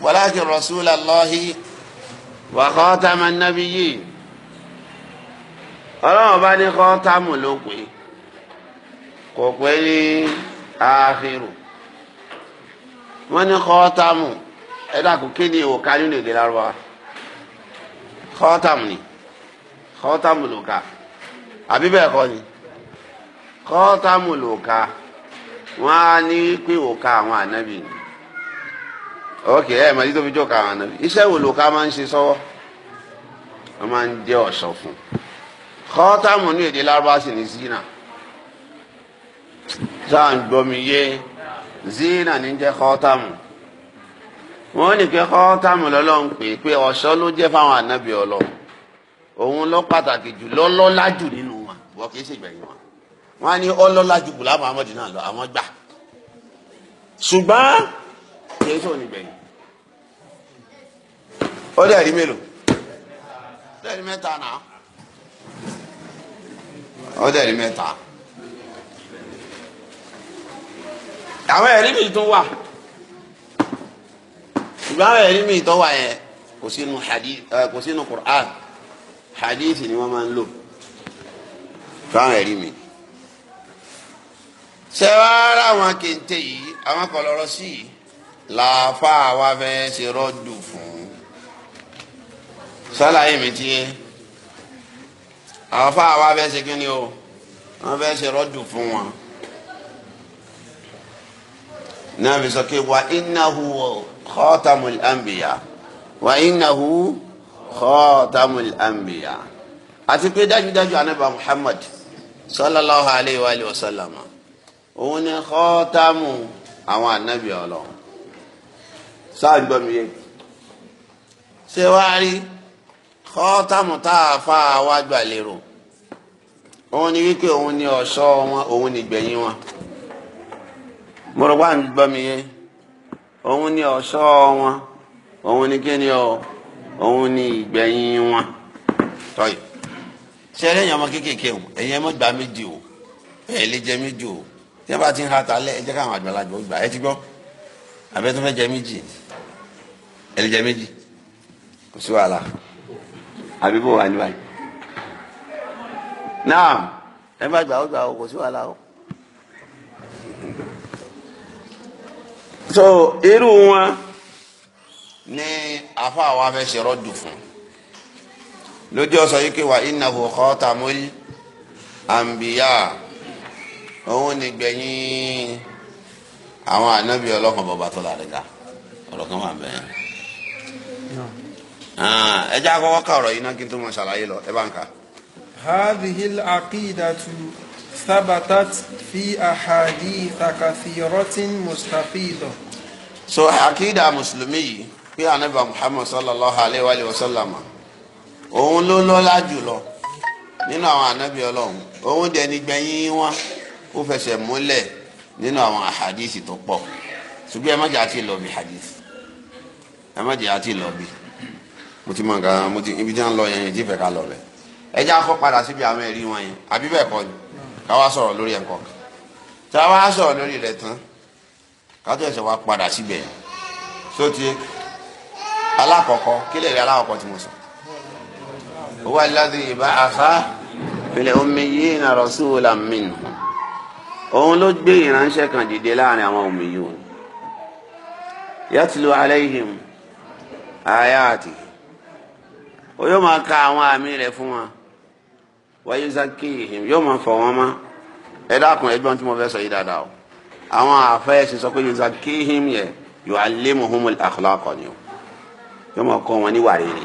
ولكن رسول الله khatama nabiyyin ọlọ́run bá ní kọ́ńtàmù ló pé kò pé ní àáfírù wọ́n ní kọ́ńtàmù ẹ dàkú kí ni ìwò kárí lè dé lárúbá kọ́ńtàmù ni kọ́ńtàmù ló ka àbí bẹ́ẹ̀ kọ́ ni kọ́ńtàmù ló ka wọ́n á ní pé ìwò ká àwọn ànábì ni ok ẹ mọ̀ títí tó fi jọ́ ka àwọn ànábì iṣẹ́ wo ló ká máa ń ṣe sọ́wọ́ wọ́n máa ń jẹ́ ọ̀ṣọ́ fún kọ́tàmù ní èdè lárúbá sì ní zina sáà ń gbọ́mi yé zina ní jẹ́ kọ́tàmù wọ́n ní pé kọ́tàmù lọ́lọ́run pè pé ọ̀ṣọ́ ló jẹ́ fáwọn ànábì ọlọ́run òun lọ pàtàkì jù lọ́lọ́lá nínú wọn wọ́n kì í ṣègbẹ̀yìn wọn wọn ní ọlọ́lá jù bùlá muhammed lọ àwọn gbà ṣùgbọ́n kì í sọ̀rọ̀ nígbẹ̀yìn ó dẹ̀rí mélòó dẹ̀rí mẹ́ta náà ó dẹ̀rí mẹ́ta. àwọn ẹ̀rí mi tó wà ṣùgbọ́n àwọn ẹ̀rí mi tó wà yẹn kò sínú hadith kò sínú Qur'an hadith ni wọ́n máa ń lò fún àwọn ẹ̀rí mi ṣe wá ara àwọn kente yìí àwọn kọlọrọ sí yìí làáfàá wa fẹ́ ṣe rọ́dù fún sálàyé mi ti yé àwọn fáwọn wa fẹ́ ṣe kí ni o wọ́n fẹ́ ṣe rọ́dù fún wọn náà fi sọ pé wà innahu khatamul anbiya wà innahu khatamul anbiya àti pé dájúdájú anábà Muhammad sallallahu alayhi wa sallam òun ni khatamu àwọn anábì Ọlọ́run sáà gbọ́ mi yé ṣé wàá rí kọ́tàmù tá a fa wa gbà lérò òun ni wípé òun ni ọ̀ṣọ́ wọn òun ni gbẹ̀yìn wọn mo ń gbọ́ mi yé òun ni ọ̀ṣọ́ wọn òun ni kíni ọ òun ni ìgbẹ̀yìn wọn tọ́yì ṣe ẹlẹ́yìn ọmọ kéékèèké o ẹ̀yin ẹ mọ̀ gbà méjì o ẹ̀ lè jẹ méjì o tí wọ́n bá ti ń ha talẹ́ ẹ jẹ́ káwọn àgbàlagbà ó gbà ẹ ti gbọ́ àbẹ́tún fẹ́ jẹ méjì ẹ lè jẹ méjì kò sí wàhálà àbí bó wà ní báyìí náà ẹ má gbà ó gbà ó kò sí wàhálà o. so irú wọn ni afa wa fẹ́ ṣe rọ́dù fún lójú ọsọ yìí kéwà innahu khatamul anbiya òun nìgbẹ̀yìn àwọn ànábì ọlọ́kan bọ̀bá tó lára ga ọ̀rọ̀ kan wà bẹ́ẹ̀. Ah, ẹ jẹ́ àkọ́kọ́ ká ọ̀rọ̀ yìí náà kí n tó mọ ṣàlàyé lọ ẹ bá ń kà. هذه العقيدة ثبتت في أحاديث كثيرة مستفيضة. so àkídà mùsùlùmí yìí pé ànábà Muhammad sallallahu alayhi wa sallam òun ló lọ́lá jùlọ nínú àwọn ànábì ọlọ́run òun dẹ̀ ní gbẹ̀yìn wọn ó fẹsẹ̀ múlẹ̀ nínú àwọn àhàdíìsì tó pọ̀ ṣùgbọ́n ẹ má jẹ́ àti lọ́ọ̀bì àhàdíìsì ẹ má jẹ́ àti lọ́ọ̀bì mo ti mọ nǹkan mo ti ibi tí wọn lọ yẹn ìdí ìfẹ́ ká lọ bẹ ẹ jẹ́ akọ padà síbi àwọn ẹ̀rí wọn yẹn àbí bẹ́ẹ̀ kọ́ ni ká wá sọ̀rọ̀ lórí ẹ̀ kọ́ tá a wá sọ̀rọ̀ lórí rẹ̀ tán ká tó ẹsẹ̀ wá padà síbẹ̀ yẹn sóti alákọ̀ọ́kọ́ kílẹ̀ rẹ̀ alákọ̀ọ́kọ́ tí mo sọ huwa alladhi ba'atha fil ummiyina rasulan minhum òun ló gbé ìránṣẹ́ kan dìde láàrin àwọn ummiyun yatlu alayhim ayatihi ó yóò máa ka àwọn àmì rẹ̀ fún wa wáyé zakihim yóò máa fọ̀ wọ́n mọ́ ẹ dákun ẹgbọ́n tí mo fẹ́ sọ yìí dáadáa o àwọn àfẹ́yẹsì sọ pé zakihim yẹ yóò alẹ́muhumul akhlaqa ni o yóò máa kọ́ wọn ní ìwà rere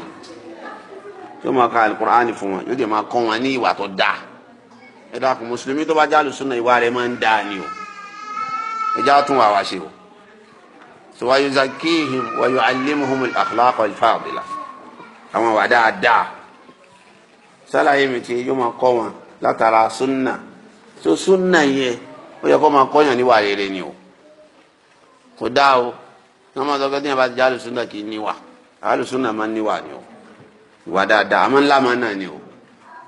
yóò máa ka alukur'ani fún wọn yóò dé máa kọ́ wọn ní ìwà tó dáa ẹ dákun mùsùlùmí tó bá já lùsùnà ìwà rẹ̀ máa ń dáa ni o ẹ já tún wà wá ṣe o so wáyé zakihim wáyé alẹ́muhumul akhlaqa al àwọn wà dáadáa sálàyé mi ti yóò máa kọ́ wọn látara súnà tó súnà yẹ ó yẹ kó máa kọ́yàn níwà rere ni o kò dáa o wọ́n máa sọ́kẹ́ tíyẹn bá ti jẹ́ àlùsúnà kì í níwà àlùsúnà máa ń níwà ni o ìwà dáadáa àmọ́ ńlá máa náà ni o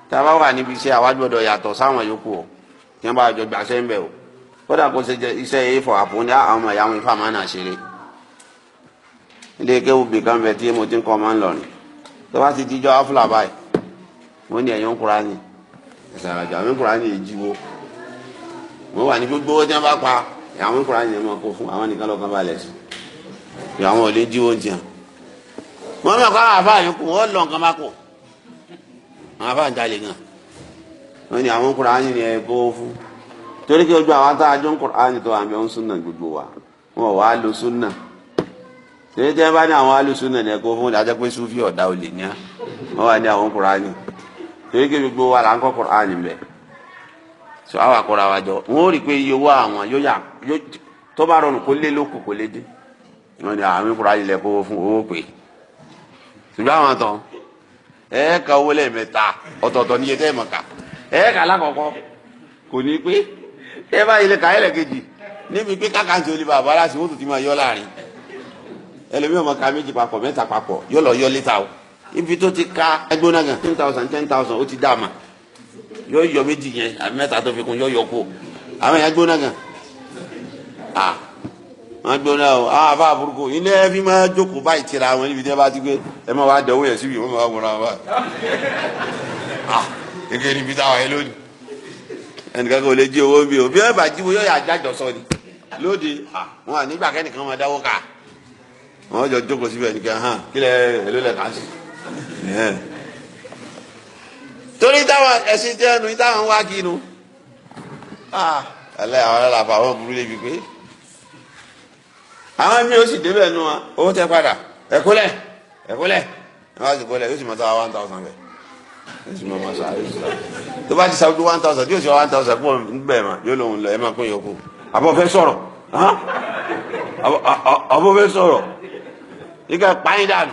tá a bá wà níbi iṣẹ́ àwa yàtọ̀ sáwọn yòókù o tí bá jọ gbàṣẹ́ ń bẹ̀ o kódà kó ṣe iṣẹ́ yìí fọ àpòǹdá àwọn ọmọ ìyá wọn ifá máa náà ṣeré ilé kéwù bìkan bẹ tí mo ti ń kọ́ máa ń lọ tó bá ti dijọ́ afúlà báyìí wọ́n ní ẹ̀yọ́ nkùránì ẹ̀sẹ̀ àràjọ àwọn nkùránì yìí jíwó wọ́n wà ní gbogbo owó tí wọ́n bá pa àwọn nkùránì yẹn máa kó fún àwọn nìkan lọ́kàn balẹ̀ sí i àwọn ò lè jíwó jẹun wọ́n mọ̀ kọ́ àwọn afáà yẹn kù wọ́n lọ nǹkan má kù àwọn afáà ń jalè gan wọ́n ní àwọn nkùránì yẹn bó fún torí kí ojú àwọn tá a jọ nkùránì tó àmì ọ̀hún súnà gbogbo wa wọn ò wá lo súnà ṣé tí wọ́n bá ní àwọn alùsùn náà ẹ̀kọ́ fún ìdájọ́ pé sufi ọ̀dà olè ní á wọ́n wà ní àwọn kùránì torí gbogbo wa là ń kọ́ kùránì bẹ̀ sọ àwọn iye owó àwọn yóò yà tó bá rọrùn kó lé lóko kó lé dé wọ́n ní àwọn kùránì fún owó pé ṣùgbọ́n àwọn tán owó lẹ́ẹ̀mẹ́ta ọ̀tọ̀ọ̀tọ̀ ní iye tẹ́ mọ̀ ká alákọ̀ọ́kọ́ kò ní pé ẹ bá níbi pé aláṣẹ ẹlòmíì ọmọ ká méjì papọ̀ mẹ́ta papọ̀ yóò lọ yọ lítà o ibi tó ti ka ẹgbóná gan ten thousand ten thousand ó ti dá a ma yóò yọ méjì yẹn àbí mẹ́ta tó fi kún yóò yọ kú àwọn yẹn gbóná gan ah wọn gbóná o àwọn àbá àbúrúkú ilé ẹbí máa jókòó báyìí tira àwọn ibi tí wọn bá ti gbé ẹ máa wá dẹwọ yẹn síbi wọn máa wọra wa ah kékeré níbi táwọn yẹn lónìí ẹnìkan kò lè jí owó mi o bí wọn bá jí wo yóò yà jájọ sọ ni lóde ah wọn à nígbà kẹ́nìkan máa dáwọ́ ká. wọ́n jọ jókòó síbẹ̀ nìkan hàn kílẹ̀ èlò lẹ̀ kàn sí. torí táwọn ẹ̀sìn jẹ́ nu táwọn wá kí nu alẹ́ ah, àwọn ọ̀rẹ́ làbà wọ́n burú débi pé àwọn mi ò sì débẹ̀ nu wa owó tẹ padà ẹ̀kúlẹ̀ ẹ̀kúlẹ̀ wọ́n á kúlẹ̀ yóò sì mọ̀ tó one thousand yóò sì yóò sì tó bá ti one thousand yóò one thousand yóò lòun lọ ẹ̀ máa yòókù àbọ̀ fẹ́ sọ̀rọ̀ àbọ̀ fẹ́ sọ̀rọ̀. yìí kà pa yín dànù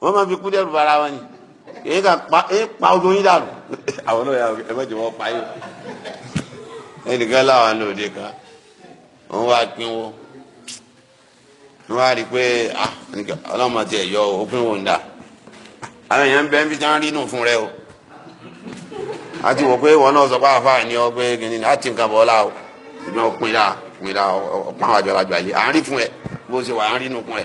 wọ́n máa bara wọn ni yìí kà pa yín e pa ojú yín dànù <laughs> àwọn náà yà ẹ mẹ́jọ wọ́n i a ah, ọlọ́mọ ti ẹ̀ yọ ó rẹ o wọn náà sọ pé ni ọ pé o ìgbà àwọn àjọ àjọ àyè à ń rí fún ẹ bó ṣe wà à ń rí nù fún ẹ.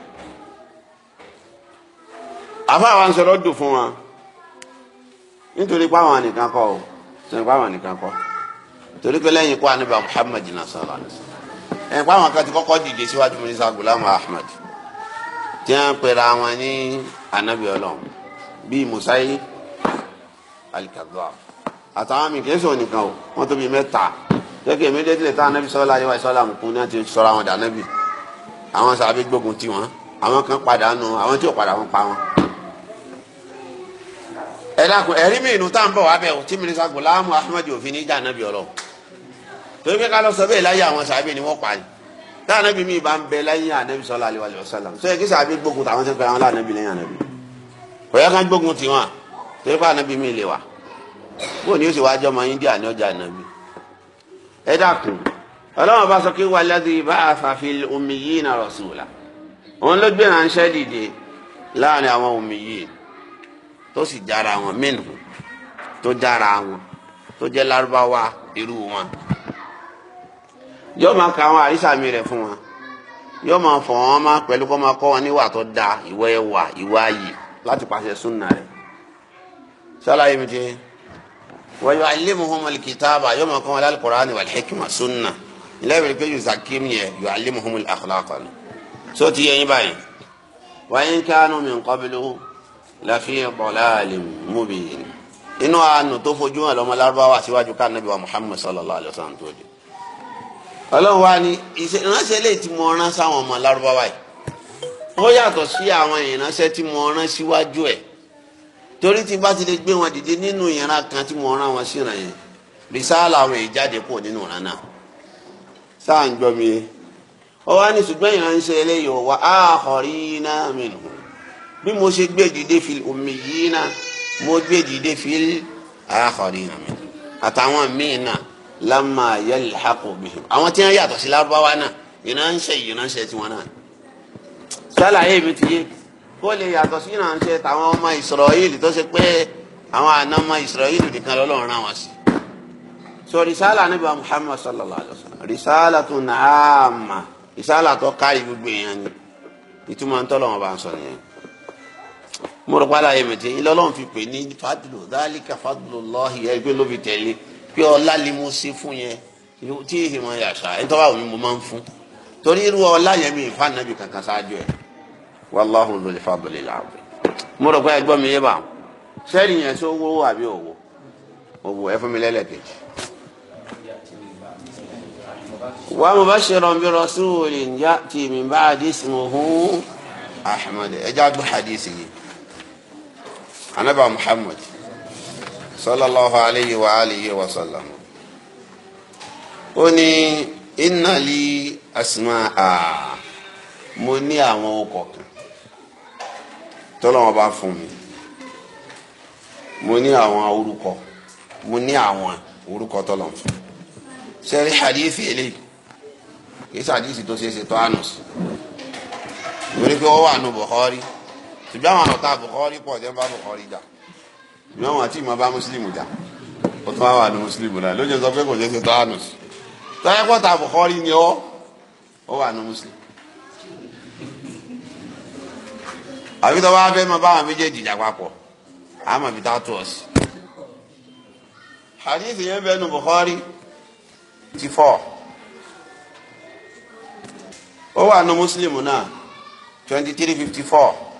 àfa wa ń sọ lọ́dún fún wa nítorí pé àwọn nìkan kọ́ o nítorí pé àwọn nìkan kọ́ torí pé lẹ́yìn ikú àníbà Muhammad náà sọ̀rọ̀ àná sọ̀rọ̀ ẹ̀yìn pé àwọn kan ti kọ́kọ́ dìde síwájú mínísà Ghulam Ahmad tí wọ́n pera wọn ní anabi ọlọ́run bíi Musayi alikadua àtàwọn mi kìí sọ nìkan o wọ́n tóbi mẹ́ta jẹ́kẹ́ immediately lè ta anabi sọ́lá yẹ́wà sọ́lá mùkún ní àti sọ́ra wọn dà àwọn sábẹ́ tiwọn àwọn kan padà nù àwọn tí ò padà wọn pa wọn ẹ dákun ẹ̀rí mi ìnú tá à ń bọ̀ wá bẹ̀ ọ́ tí mínísà Gùlámù Ahmed òfin ní jàǹdàbí ọlọ torí pé ká lọ sọ bẹ́ẹ̀ láyé àwọn sàbẹ̀ ni wọ́n pa ni táànàbí mi bá ń bẹ láyé ànábì sọlá àlewà àlewà sọlá sọ yẹ kí sàbẹ̀ gbógun tàwọn sẹ́kọ̀ọ́ àwọn láànábì lẹ́yìn ànábì kò yẹ ká gbógun tiwọn torí pé ànábì mi lè wà bó ni ó sì ọmọ India ní ọjà ànábì ẹ ọlọ́wọ́n bá sọ kí wàlẹ́dì tó sì jára wọn mínú tó jára wọn tó jẹ́ lárúbáwá irú wọn yóò máa ka àwọn àrísà mi rẹ̀ fún wọn yóò máa fọ̀ wọ́n máa pẹ̀lú kó máa kọ́ wọn níwà tó dáa ìwà ẹwà ìwà ayè láti pàṣẹ súnà rẹ̀ sálàyé mi ti wa yu'allimuhum al-kitaba yóò máa kọ́ wọn al-Qur'ani wal-hikma súnà lẹ́yìn pé yuzakim yẹ yu'allimuhum al-akhlaqa so ti yẹ yín báyìí wa in kanu min qablu lafi dalalin mubin inú àánú tó fojú hàn lọ́mọ lárúbáwá síwájú ká nàbí wa muhammed sallallahu alayhi wa sallam tó di ọlọ́run wa ni ìránṣẹ́ lè ti mọ ọ̀rán sáwọn ọmọ lárúbáwá yìí ó yàtọ̀ sí àwọn ìránṣẹ́ tí mo rán síwájú ẹ̀ torí tí bá ti lè gbé wọn dìde nínú ìran kan tí mo rán wọn síran yẹn rìsáàlà àwọn ìjáde kò nínú ìran náà sáà ń gbọ́ mi ó wá ní ṣùgbọ́n ìránṣẹ́ eléyìí wà á kọ̀rí náà mìíràn bí mo ṣe gbé dìde fi omi yìí náà mo gbé dìde fi àkọrin mi àtàwọn míì náà lámà yalhaqu bihim àwọn tí wọn yàtọ̀ sí lárúbáwá náà ìránṣẹ́ ìránṣẹ́ tiwọn náà sálàyé mi ti yé kó lè yàtọ̀ sí ìránṣẹ́ tàwọn ọmọ Ísírẹ́lì tó ṣe pé àwọn àna ọmọ Ísírẹ́lì nìkan lọ́lọ́run rán wọn sí so risala anabi wa muhammad sallallahu alaihi wa sallam risala tó kárí gbogbo èèyàn ni ìtumọ̀ mo rò pálá yẹn mẹtẹ ilé Ọlọ́run fi pè ní fadlu dhalika fadlullahi ẹgbẹ ló fi tẹ̀lé pé ọlá ni mo ṣe fún yẹn tí èyí máa yàtọ̀ ẹ tọ́ báwo ni mo máa ń fún torí irú ọlá yẹn mi ìfá nàbì kankan ṣáájú ẹ wallahu dhul fadlil azim mo rò pé ẹgbọ́n mi yé bá sẹ́ẹ̀rì yẹn tó wó àbí òwò òwò ẹ fún mi lẹ́lẹ́kejì wa mubashiran bi rasulin ya'ti min ba'di ismuhu ahmad ẹ já gbọ́ hadisi yìí anaba muhammad sallallahu alayhi wa alihi wa sallam ó ní innali asma'a mo ní àwọn okọ̀ kan tọ́lọ́wọ́n bá fún mi mo ní àwọn orúkọ mo ní àwọn orúkọ tọ́lọ́wọ́n fún sẹ́rí hadithi eléyìí kì í sàdíìsì tó ṣeé ṣe tó ànus torí pé ó wà nù Bukhari ṣùgbọ́n àwọn ọ̀tá àbùkọ́rí pọ̀ jẹ́ bá àbùkọ́rí jà ṣùgbọ́n àwọn àti ìmọ̀ bá mùsùlùmù jà ó tún wá wà ní mùsùlùmù náà lójú sọ pé kò jẹ́ ṣe tánù sí táyà pọ̀ tà àbùkọ́rí ni ó ó wà ní mùsùlùmù. àbí tó bá fẹ́ mọ báwọn méjèèjì jà papọ̀ àmọ́ ibi tá a tó ọ sí. hadith yẹn bẹ́ẹ̀ nu Bukhari ti fọ́ ó wà ní mùsùlùmù náà twenty three fifty four.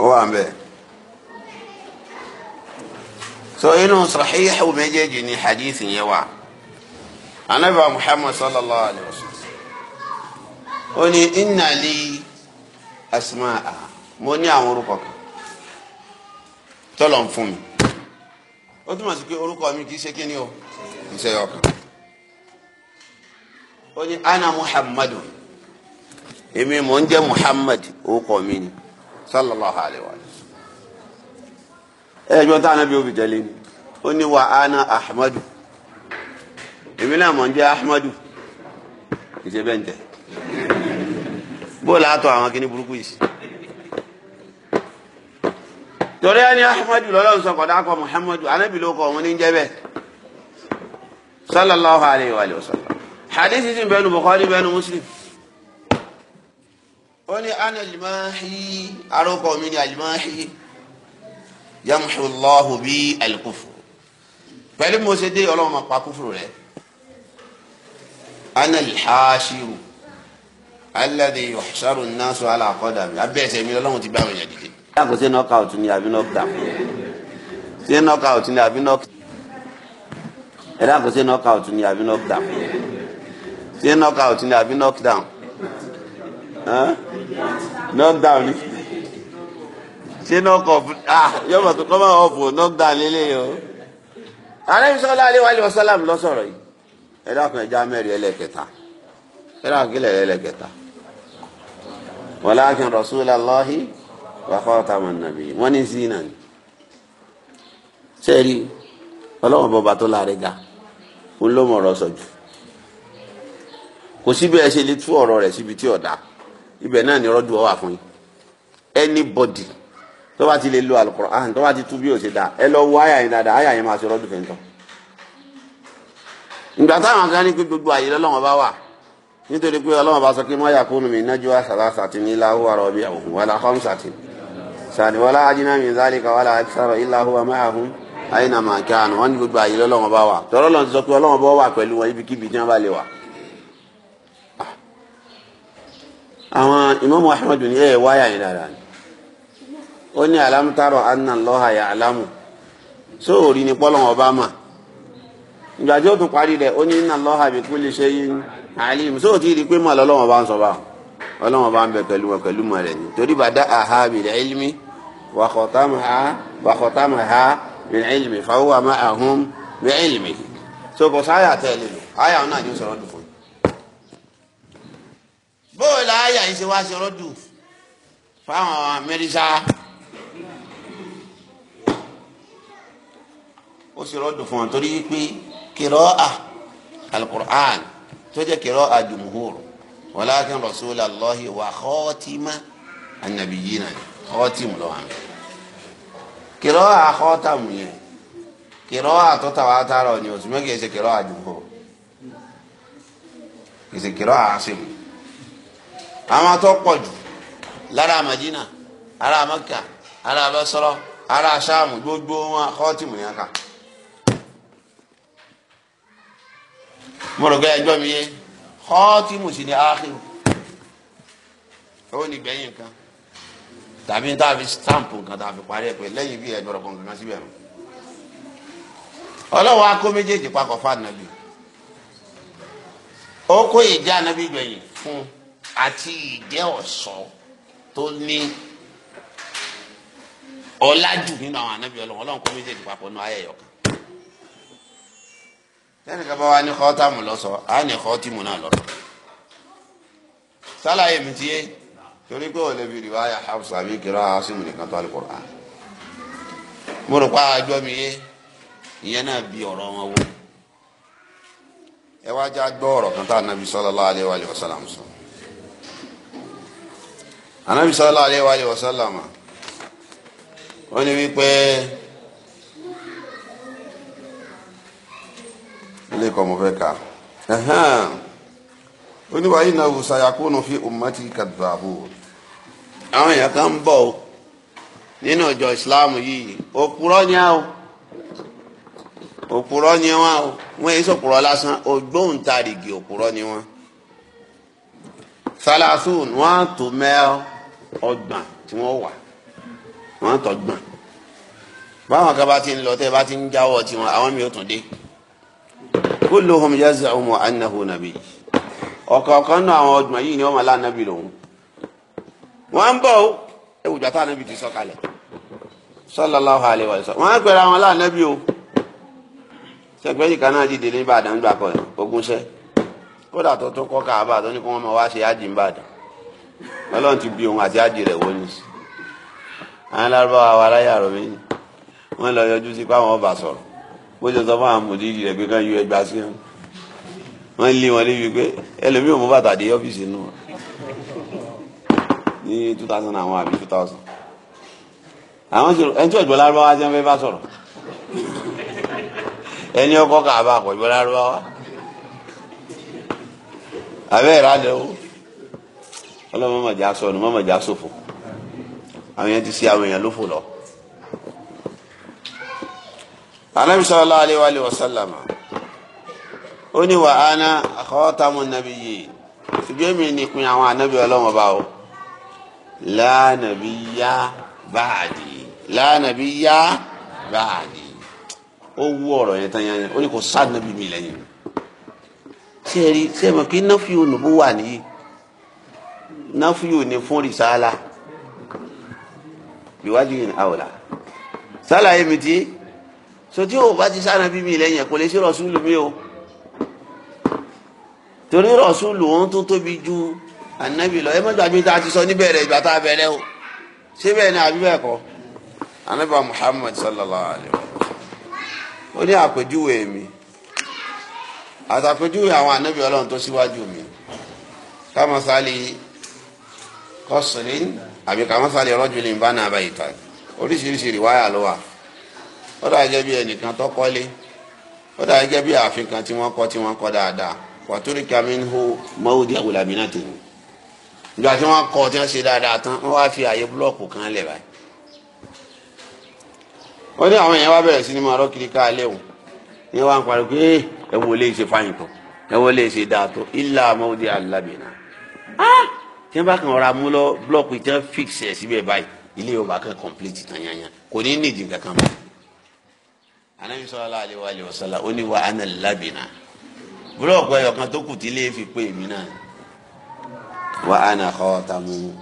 ó wà ń bẹ̀. so inú sahihu méjèèjì ni hadith yẹn wà anabi muhammad sallallahu alayhi wa sallam ó ní inna li asma'a mo ní àwọn orúkọ kan tọ́lọ̀ ń fún mi ó túmọ̀ sí pé orúkọ mi kì í ṣe kíni o kì í ṣe ọkàn ó ní ana muhammadu èmi mò ń jẹ́ muhammad orúkọ mi ni sallallahu alayhi wa sallam. ẹjọ́ tá a nábì ó fi tẹ̀lé ni ó ní wa ana ahmadu èmi náà mọ̀ ń jẹ́ ahmadu ìṣe bẹ́ẹ̀ ń tẹ̀ bó láàtọ̀ àwọn kíní burúkú yìí torí ẹni ahmadu lọ́lọ́run sọ kọ̀dá kọ muhammadu anábì ló kọ òun ní jẹ́ sallallahu alayhi wa sallam hadithi ti bẹnu bukhari bẹnu muslim ó ní ana alimahi arókọ mi ní alimahi yamhu Allahu bí alikufur pẹ̀lú mo ṣe dé ọlọ́run máa pa kúfùrù rẹ̀ ana alhaṣiru alladhi yuhsharu an-nasu ala mi lọ́lọ́run ti bá àwọn èèyàn dìde. ṣé àkọsí knockout ni àbí knockdown ṣé knockout ni àbí knockdown ẹ̀dá àkọsí knockout ni àbí knockdown ṣé knockout ni àbí knockdown knockdown ni ṣé knock off ah yọ̀bọ̀ tó kọ́mọ̀ off o knockdown lélẹ́yìn o. alẹ́misọ́lá aléwálé wasálàmù lọ́sọ̀rọ̀ yìí ẹ dákun ẹja mẹ́rin ẹlẹ́kẹta ẹ dákun kílẹ̀ ẹlẹ́kẹta. walakin rasulallahi wa khataman nabi wọ́n ní zina ni. sẹ́ẹ̀rì ọlọ́wọ́n bọba tó láre ga òun ló mọ̀ ọ̀rọ̀ sọ jù kò síbi ẹ ṣe lè tú ọ̀rọ̀ rẹ̀ síbi tí ọ̀dà ibẹ̀ náà ni rọ́dù ọ fún yín anybody tó bá ti lè lo alukur'an tó bá ti tú bí o ṣe dá ẹ lọ wo àyà yẹn dáadáa àyà yẹn máa ṣe rọ́dù fẹ́ntọ́ ìgbà táwọn kan ní pé gbogbo àyè lọ́wọ́n bá wà nítorí pé Ọlọ́run bá sọ pé mọ́yà kúnnù mi nájú àṣàlásàtì ní láhùn àrọ̀bí àwọn wàlá khamsati sàdíwọ́lá ajiná mi wàlá àkísàrọ̀ ìlàhùn àmáhùn àyìnàmà kíánu wọ́n ní gbogbo àyè lọ́wọ́n bá wà tọ́lọ́lọ́n àwọn Imam Ahmad ní ẹ̀ wáyà yìí dáadáa ni ó ní alámútárọ̀ anna Allaha ya'lamu só òrí ni pọ́lọ́wọ́n ọba mà ìgbà tí ó tún parí rẹ̀ ó ní inna Allaha bi kulli shay'in alim só òtí rí pé mọ̀ lọ́lọ́wọ́n ọba ń sọ báwọn ọlọ́wọ́n bá ń bẹ pẹ̀lú wọn pẹ̀lú mọ̀ rẹ̀ ni torí bada'aha bil ilmi wa khatamaha wa khatamaha bil ilmi fa huwa ma'ahum bi ilmihi so kò sáyà tẹ̀lé lò áyà náà ni ó sọ̀rọ̀ bóyá láyà yìí ṣe wá ṣe rọ́dù fáwọn amẹ́ríkà ó ṣe rọ́dù fún wọn torí pé kìrọ́ à alukur'an tó jẹ́ kìrọ́ à jumhur walakin rasulallahi wa khatima annabiyina khatim lọ́wọ́ àmì kìrọ́ à khatam yẹn kìrọ́ à tó tàwa tààrọ̀ ni òsùnmọ́ kìí ṣe kìrọ́ à jumhur kìí ṣe kìrọ́ à asim àwọn tó pọ̀ jù lára Madina ara Maka ara abẹ́sọ́rọ́ ara sáàmù gbogbo wọn kọ́tìmù yẹn kà. mo rò pé ẹjọ́ mi yé kọ́tìmù sì ni áàkìrù ó ní gbẹ̀yìn kan tàbí tá a fi stamp kan tá a fi parí ẹ̀ pé lẹ́yìn bí ẹ̀dọ̀rọ̀ kan kankan síbẹ̀ mọ́ ọlọ́wọ́ akó méjèèjì papọ̀ fún ànábì ó kó ìjà ànábì gbẹ̀yìn fún un àti ìjẹ́ ọ̀ṣọ́ tó ní ọ̀làjù nínú àwọn anábì ọlọ́run ọlọ́run kó méjèèjì papọ̀ nínú ayé ẹ̀yọ̀ kan. sẹ́ni kaba wa ní kọ́tàmù lọ́sọ̀ á ní kọ́tìmù náà lọ́sọ̀. sálàyé mi ti yé torí pé ò lè fi rí wáyà hafsa àbí kira asimu nìkan tó Al-Qur'an. mo rò pa àjọ mi yé ìyẹn náà bí ọ̀rọ̀ wọn wò. ẹ wá já gbọ́ ọ̀rọ̀ kan tá ànábi sallallahu alaihi wa sallam sọ. anabi sallallahu alayhi wa alihi wa sallam wọ́n ní wípé ilé kan mo ka fi ummati kadhabu àwọn èèyàn kan ń bọ̀ o nínú ìjọ ìsìláàmù yìí o òpùrọ́ ni o wọn èyí sọ̀pùrọ́ salasun wọ́n tó mẹ́ọ́ ọgbọ̀n tí wọ́n wà wọ́n tó gbọ̀n báwọn kan bá ti ń lọ tẹ́ bá ti ń jáwọ́ tiwọn àwọn mi ò tún dé kulluhum yaz'umu annahu nabi ọ̀kọ̀ọ̀kan náà àwọn yi yìí ni wọ́n máa lá nàbì lòun wọ́n ń bọ̀ ó ewùjọ́ tá nàbì ti sọ̀kalẹ̀ sallallahu alaihi wasallam wọ́n á pẹ̀lú àwọn lá nàbì o sẹ́gbẹ́ yìí kan náà dìde ní Ìbàdàn gbà kódà tó tó kọ́ káàbà tó ní kó wọ́n máa wá ṣe ájì ń bàdàn ọlọ́run ti bí òun àti ájì rẹ̀ wọ́n ní sí àwọn lárúbáwá wa láyà rọ̀ méjì wọ́n lọ yọjú sí páwọn ọba sọ̀rọ̀ bó ṣe sọ fún àwọn mòdìrì rẹ̀ pé kán yú ẹgbàá sí wọn wọ́n lé wọn débi pé ẹlòmíì ò mú bàtà dé ọ́fíìsì nù wọn ní two thousand àwọn àbí two thousand àwọn sọ̀rọ̀ ẹni tí ọ̀jọ̀ lárúbáwá ṣe ń fẹ́ bá sọ̀rọ̀ ẹni ọkọ̀ kàbà kọ̀jọ̀ lárúbáwá abẹ́ ìrà dẹ̀ o ọlọ́mọ mọ̀jà sọnù mọ̀jà sòfò àwọn yẹn ti ṣe àwọn èèyàn lófò lọ. anabi sallallahu alayhi wa alayhi wa ó ní wa ana khatamun nabiyyin ṣùgbọ́n èmi ni ìpín àwọn anabi ọlọ́wọ́n bá o la nabiyya ba'di la nabiyya ba'di ó wú ọ̀rọ̀ yẹn tán yẹn ó ní kò sáà nàbí mi lẹ́yìn ṣe rí ṣe mọ̀ pé náfíò nùbú wà nìyí náfíò ní fún rìsáálà ìwájú yìí àwòlà sálàyé mi ti so tí o bá ti sára bí mi lẹ́yìn kò lè ṣe rọ̀ṣúlù mi o torí rọ̀ṣúlù òun tó tóbi ju ànábì lọ ẹ mọ́jọ́ àbí tá a ti sọ níbẹ̀rẹ̀ ìgbà tá a bẹ̀rẹ̀ o ṣé bẹ́ẹ̀ ni àbí bẹ́ẹ̀ kọ́ ànábì Muhammad sallallahu alayhi wa sallam ó ní àpèjúwe mi àtàpéjúwe àwọn ànábì ọlọ́run tó síwájú mi kàmásálì kọ́sìrín àbí kàmásálì rọ́jùlín bá náà báyìí tà oríṣiríṣi rìwáyà ló wà ó dà gẹ́gẹ́ bí ẹnìkan tó kọ́lé ó dà gẹ́gẹ́ bí ààfin kan tí wọ́n kọ́ tí wọ́n kọ́ dáadáa wàtúrì kàmín hó mọ́wúdí àwùlámínà tèmi ìgbà tí wọ́n kọ́ tí wọ́n ṣe dáadáa tán wọ́n wá fi àyè búlọ́ọ̀kù kan lẹ̀ báyìí ó ní àwọn èèyàn wá bẹ̀rẹ̀ sí ẹ wo lè ṣe fáyìn tó ẹ wo lè ṣe dáa tó ilà amóhùndé alábìnà ah! tí wọn bá kàn ọ̀rọ̀ amú lọ blọọkù tí wọn fix ẹ síbẹ̀ báyìí ilé yorùbá kan complete tán yányá kò ní nídìí kankan mọ́. anabi sallallahu alaihi wa alihi wa sallam ó ní wa ana lábìnà blọọkù ẹyọ kan tó kù tí ilé fi pé èmi náà wa ana khatamu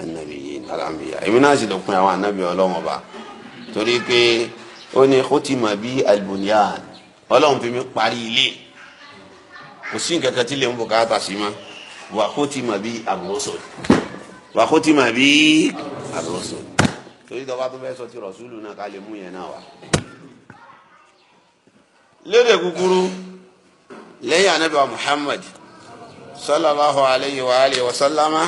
annabiyyin al-anbiya èmi náà sì lọ pin àwọn anabi Ọlọ́run ọba torí pé ó ní khutima bi al-bunyan ọlọ́run fi mi parí ilé kò sí nǹkan kan tí lè ń bò káàtà sí ma wà kó tì mà bí àbúrọ̀sọ wà kó tì mà bí àbúrọ̀sọ torí tó tó fẹ́ sọ ti rọ̀súlù náà ká lè mú yẹn náà wá. lédè kúkúrú lẹ́yìn anabi muhammad sallallahu alayhi wa alayhi wa sallama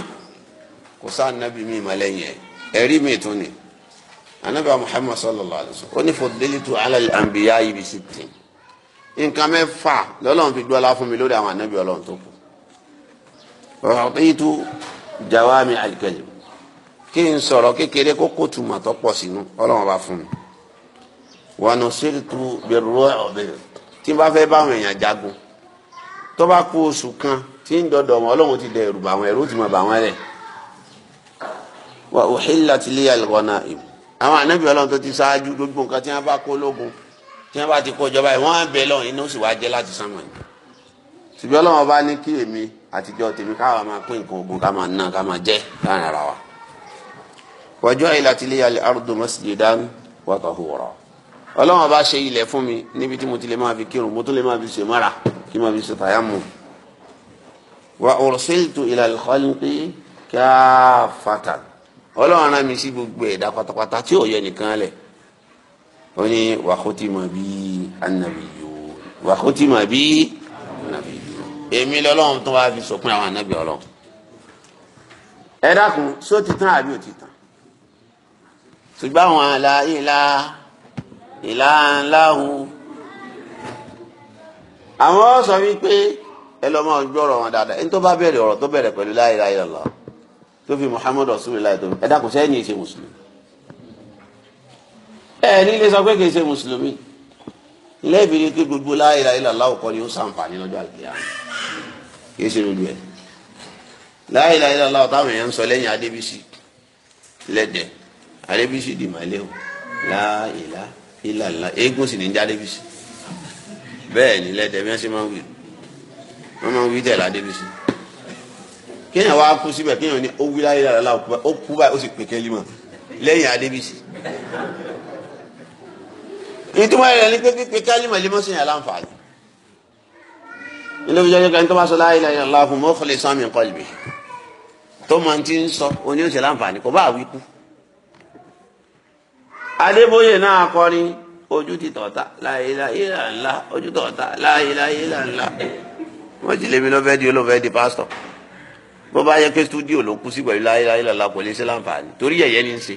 kò sá anabi mi ma lẹ́yìn ẹ̀ ẹ̀rí mi tún ni anabi muhammad sallallahu alayhi wa sallam ó ní fòdìlítù alal anbiya ibi sittin nǹkan mẹ́fà lọ́lọ́run fi gbọ́lá fún mi lórí àwọn ànábì ọlọ́run tó kù ọ̀rọ̀tìtù jawami alikalim kí n sọ̀rọ̀ kékeré kó kó tuma tó pọ̀ sínú ọlọ́run bá fún mi wọnú sírìtù bẹ̀rù ọ̀bẹ tí n bá fẹ́ báwọn èèyàn jagun tó bá kú oṣù kan tí ń dọ̀dọ̀ ọmọ ọlọ́run ti dẹ̀ ẹ̀rù bàwọn ẹ̀rù ti mọ̀ bàwọn rẹ̀ wà òhìlá tilé àlùkò náà àwọn ànábì ọlọ́run tó ti ṣáájú gbogbo nǹkan tí wọ́n bá kó lógun tí wọ́n bá ti kó ìjọba yìí wọ́n á bẹ̀ lọ́wọ́ iná ó sì wá jẹ́ láti sánmọ̀ yìí. ṣùgbọ́n Ọlọ́run bá ní kí èmi àti jọ tèmi káwa máa pín nǹkan ogun ká máa ná ká máa jẹ́ láàrin ara wa. wọ́jọ́ ìlàtílé alẹ́ arúgbó masjidan wa tahura. Ọlọ́run bá ṣe ilẹ̀ fún mi níbi tí mo ti lè máa fi kírun mo tún lè máa fi ṣe mára kí máa fi ṣe tàyámù. wa ursiltu ila al-khalqi káfàtà Ọlọ́run ó ní wàhútì mà bí anabi yòó wàhútì mà bí anabi yòó èmi lọ́lọ́run tó wá fi sọpin àwọn anabi ọlọ́run ẹ dákun ṣé ó ti tán àbí ó ti tán ṣùgbọ́n àwọn àlà ìlà ìlà ńláhu àwọn sọ wípé ẹ lọ máa gbọ́rọ̀ wọn dáadáa ẹni tó bá bẹ̀rẹ̀ ọ̀rọ̀ tó bẹ̀rẹ̀ pẹ̀lú la ilaha illallah tó fi muhammadu rasulillah tó ẹ dákun sẹ́yìn ní ìṣe mùsùlùmí ẹ nílé sọ pé kìí ṣe mùsùlùmí lẹ́bìrì pé gbogbo la ilaha illallah kọ́ ni ó sàǹfààní lọ́jọ́ àgbéyà kìí ṣe lójú ẹ̀ la ilaha illallah táwọn èèyàn ń sọ lẹ́yìn adébísí lẹ́dẹ̀ adébísí di màlẹ́ o la ilaha illallah eégún sì ní ń jẹ́ adébísí bẹ́ẹ̀ ni lẹ́dẹ̀ bí wọ́n ṣe máa ń wí wọ́n máa ń wí tẹ̀lé adébísí kéèyàn wá kú síbẹ̀ kéèyàn ní ó wí la ilaha illallah ó kú báyìí ó sì pèkẹ́ lé mọ́ lẹ́yìn adébísí ìtumọ̀ rẹ̀ ní pé pípé kálímọ̀ lè mọ́sìn yà láǹfààní ilé ìjọba kan tó bá sọ la ilaha illallah mukhlisan min qalbi tó máa ti ń sọ oní òsè láǹfààní kò bá wí kú. adébóyè náà kọrin ojú ti tọ̀ta la ilaha illallah ojú tọ̀ta la ilaha illallah wọ́n ti lé mi lọ́fẹ́ di olófẹ́ di pásítọ̀ bó bá yẹ pé stúdíò ló kú sí pẹ̀lú la ilaha illallah kò lè ṣe láǹfààní torí yẹ̀yẹ́ ni ń ṣe.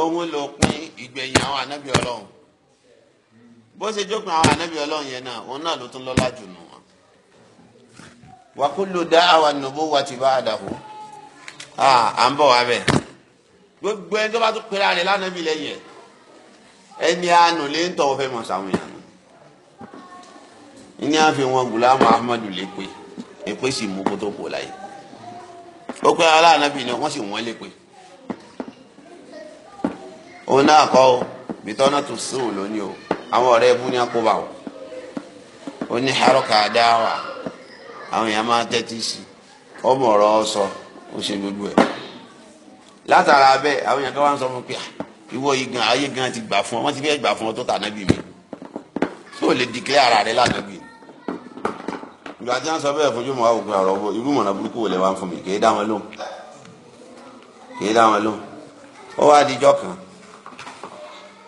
òun ló pin ìgbẹ̀yìn àwọn ànábì ọlọ́run bó ṣe jókòó àwọn ànábì ọlọ́run yẹn náà òun náà ló tún lọ́lá jù nù wọn. wa kullu da'wa an-nubuwwati ba'dahu à ń bọ̀ wá bẹ̀ gbogbo ẹni tó bá tún pera rẹ̀ lánàbì lẹ́yìn ẹ̀ ẹni àánú lè ń tọ̀wọ́ fẹ́ mọ̀ sáwọn yẹn nù. ní àfi wọn gùlámù ahmadu lè pe èpè sì mú kótó kò láyé ó pé aláàánábì ni wọ́n sì wọ́n lè pe òun náà kọ́ o bitọ́nà tó sùn lónìí o àwọn ọ̀rẹ́ ẹbú ní akóbá o ó ní haroka dáwà àwọn èèyàn máa tẹ́tí sí ọmọ ọ̀rọ̀ sọ ó ṣe gbogbo ẹ̀ látara bẹ́ẹ̀ àwọn èèyàn kan wá ń sọ fún pé ah, ìwọ yìí gan ayé gan ti gbà fún ọ wọ́n ti fẹ́ gbà fún ọ tó tà náà bì tó lè dìklẹ́ ara rẹ lánàá ìgbà tí wọn sọ bẹ́ẹ̀ fojú mọ àwòkọ ọ̀rọ̀ bọ irú mọnà burúkú wò lè wá fún mi kì í dá wọn lóhùn kì í dá wọn lóhùn ó wá di ijọ́ kan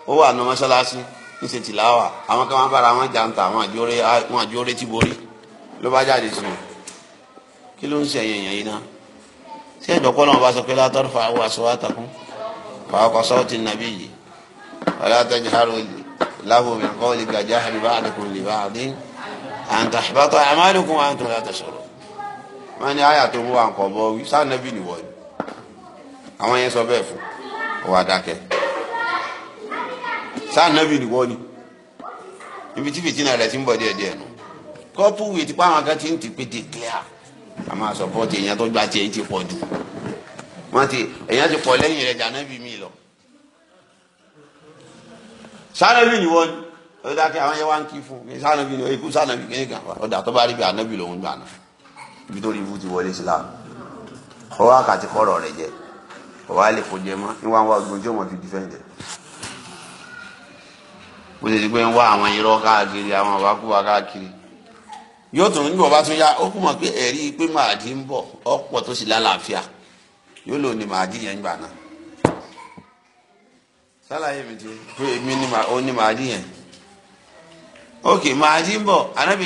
ó wà nù mọ́ṣáláṣí ń ṣe tìláwà àwọn kan máa bára wọn jà ń ta àwọn àjórè àwọn àjórè ti borí ló bá jáde sùn kí ló ń ṣe ẹ̀yìn ẹ̀yìn náà sí ẹ̀jọ̀ kọ́ náà bá sọ pé látọ́rọ̀ fà wà sọ wà takùn fà ọkọ̀ sọ́ọ̀tì nàbí yìí ọ̀làtọ̀jì haro láhùn mi kọ́ lè gàjà hàbí bá àdìkùn lè bá àdín àǹtà àbátọ̀ àmàlùkùn àǹtò láti sọ̀rọ̀ wọ́n ní àyà tó mú wa bọ́ sáà nàbí nìwọ̀ àwọn yẹn sọ bẹ́ẹ̀ fún ọwọ́ adákẹ́. sáà nàbì nìwọ ni ibi tí fìtínà rẹ̀ ti ń bọ̀ díẹ̀ díẹ̀ nù kọ́pù wìí tipa àwọn akẹ́kọ̀ọ́ ń ti pété clear a máa sọpọ́ọ̀tì èèyàn tó gbà tiẹ̀ ti pọ̀ jù wọ́n ti ti pọ̀ lẹ́yìn rẹ̀ mi lọ sanabi ni àwọn yẹn wá ń kí fún sanabi ni ikú bí rí ti jẹ wá fi ó nwa di pé ń wá àwọn irọ́ káàkiri akiri àbákúwà káàkiri yóò tún níbọ̀ bá tún yá ó kú mọ̀ pé ẹ̀rí pé màdí ń bọ̀ ọ̀pọ̀ tó sì lálàáfíà yóò lò ní màdí yẹn gbà náà sálàyé mi ti pé èmi ní màdí yẹn ok màdí ń bọ̀ anábì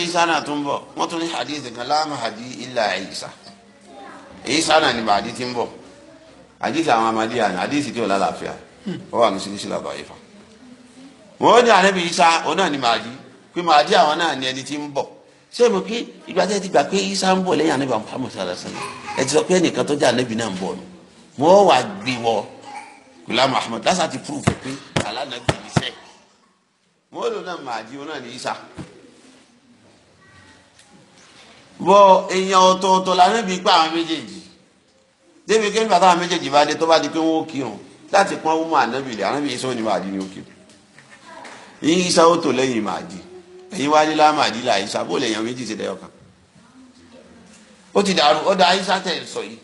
bọ̀ wọ́n tún ní láàmú ilà ìsà èyí sánà ni màdí ti ń bọ̀ hadith àwọn lálàáfíà ó wà ní wọ́n ní ànábì isa òun náà ni màdí pé màdí àwọn náà ni ẹni tí ń bọ̀ ṣé mo pé ìgbà tẹ́ ti gbà pé isa ń bọ̀ lẹ́yìn ànábì Muhammad sallallahu alaihi wasallam ẹ ti sọ pé ẹnìkan tó jẹ́ ànábì náà ń bọ̀ nù wọ́n wà gbé wọ Ghulam Ahmad lásà ti púrúfù pé alánàbì iṣẹ́ wọ́n lò náà màdí òun náà ni isa bọ́ èèyàn ọ̀tọ̀ọ̀tọ̀ lànàbì pa àwọn méjèèjì débi kí nígbà táwọn méjèèjì bá dé tó bá di pé wọ́n ó kírun láti pọ́n wọ́n mọ ànábì rẹ̀ ànábì iṣẹ́ òní màdí ni ó kírun. isa ó tò lẹ́yìn màdí ẹ̀yin wáyé lá la isa bó lè méjì dẹ́yọ kan ó ti dàrú ó da isa tẹ̀ sọ yìí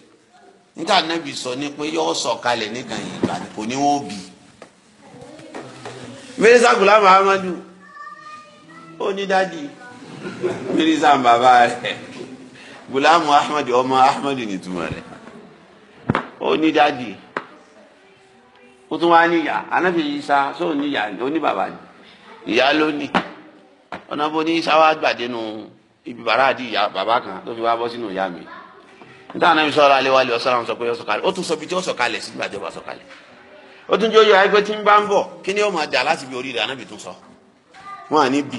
níta nẹ́bi sọ ni pé sọ kalẹ̀ nìkan yìí gbà kò ní wọ́n bì í mírísà gùlámù amadu ó ní dádì bàbá rẹ̀ ọmọ ahmadu rẹ̀ ó ní ó tún wá níyà ni. ìyá ló ọ̀nà bo ní sáwá gbàdénú ibi bàrá àdí ìyá bàbá kan tó fi wá bọ́ sínú ìyá mi níta àná mi sọ̀rọ̀ alẹ́ sọ pé ó sọ̀kalẹ̀ ó tún sọ bí tí ó sọ̀kalẹ̀ sí ìgbà tí sọ̀kalẹ̀ ó tún jẹ́ tí ń bá ń bọ̀ kí ni ó máa dà láti bí oríire sọ wọn à ní bì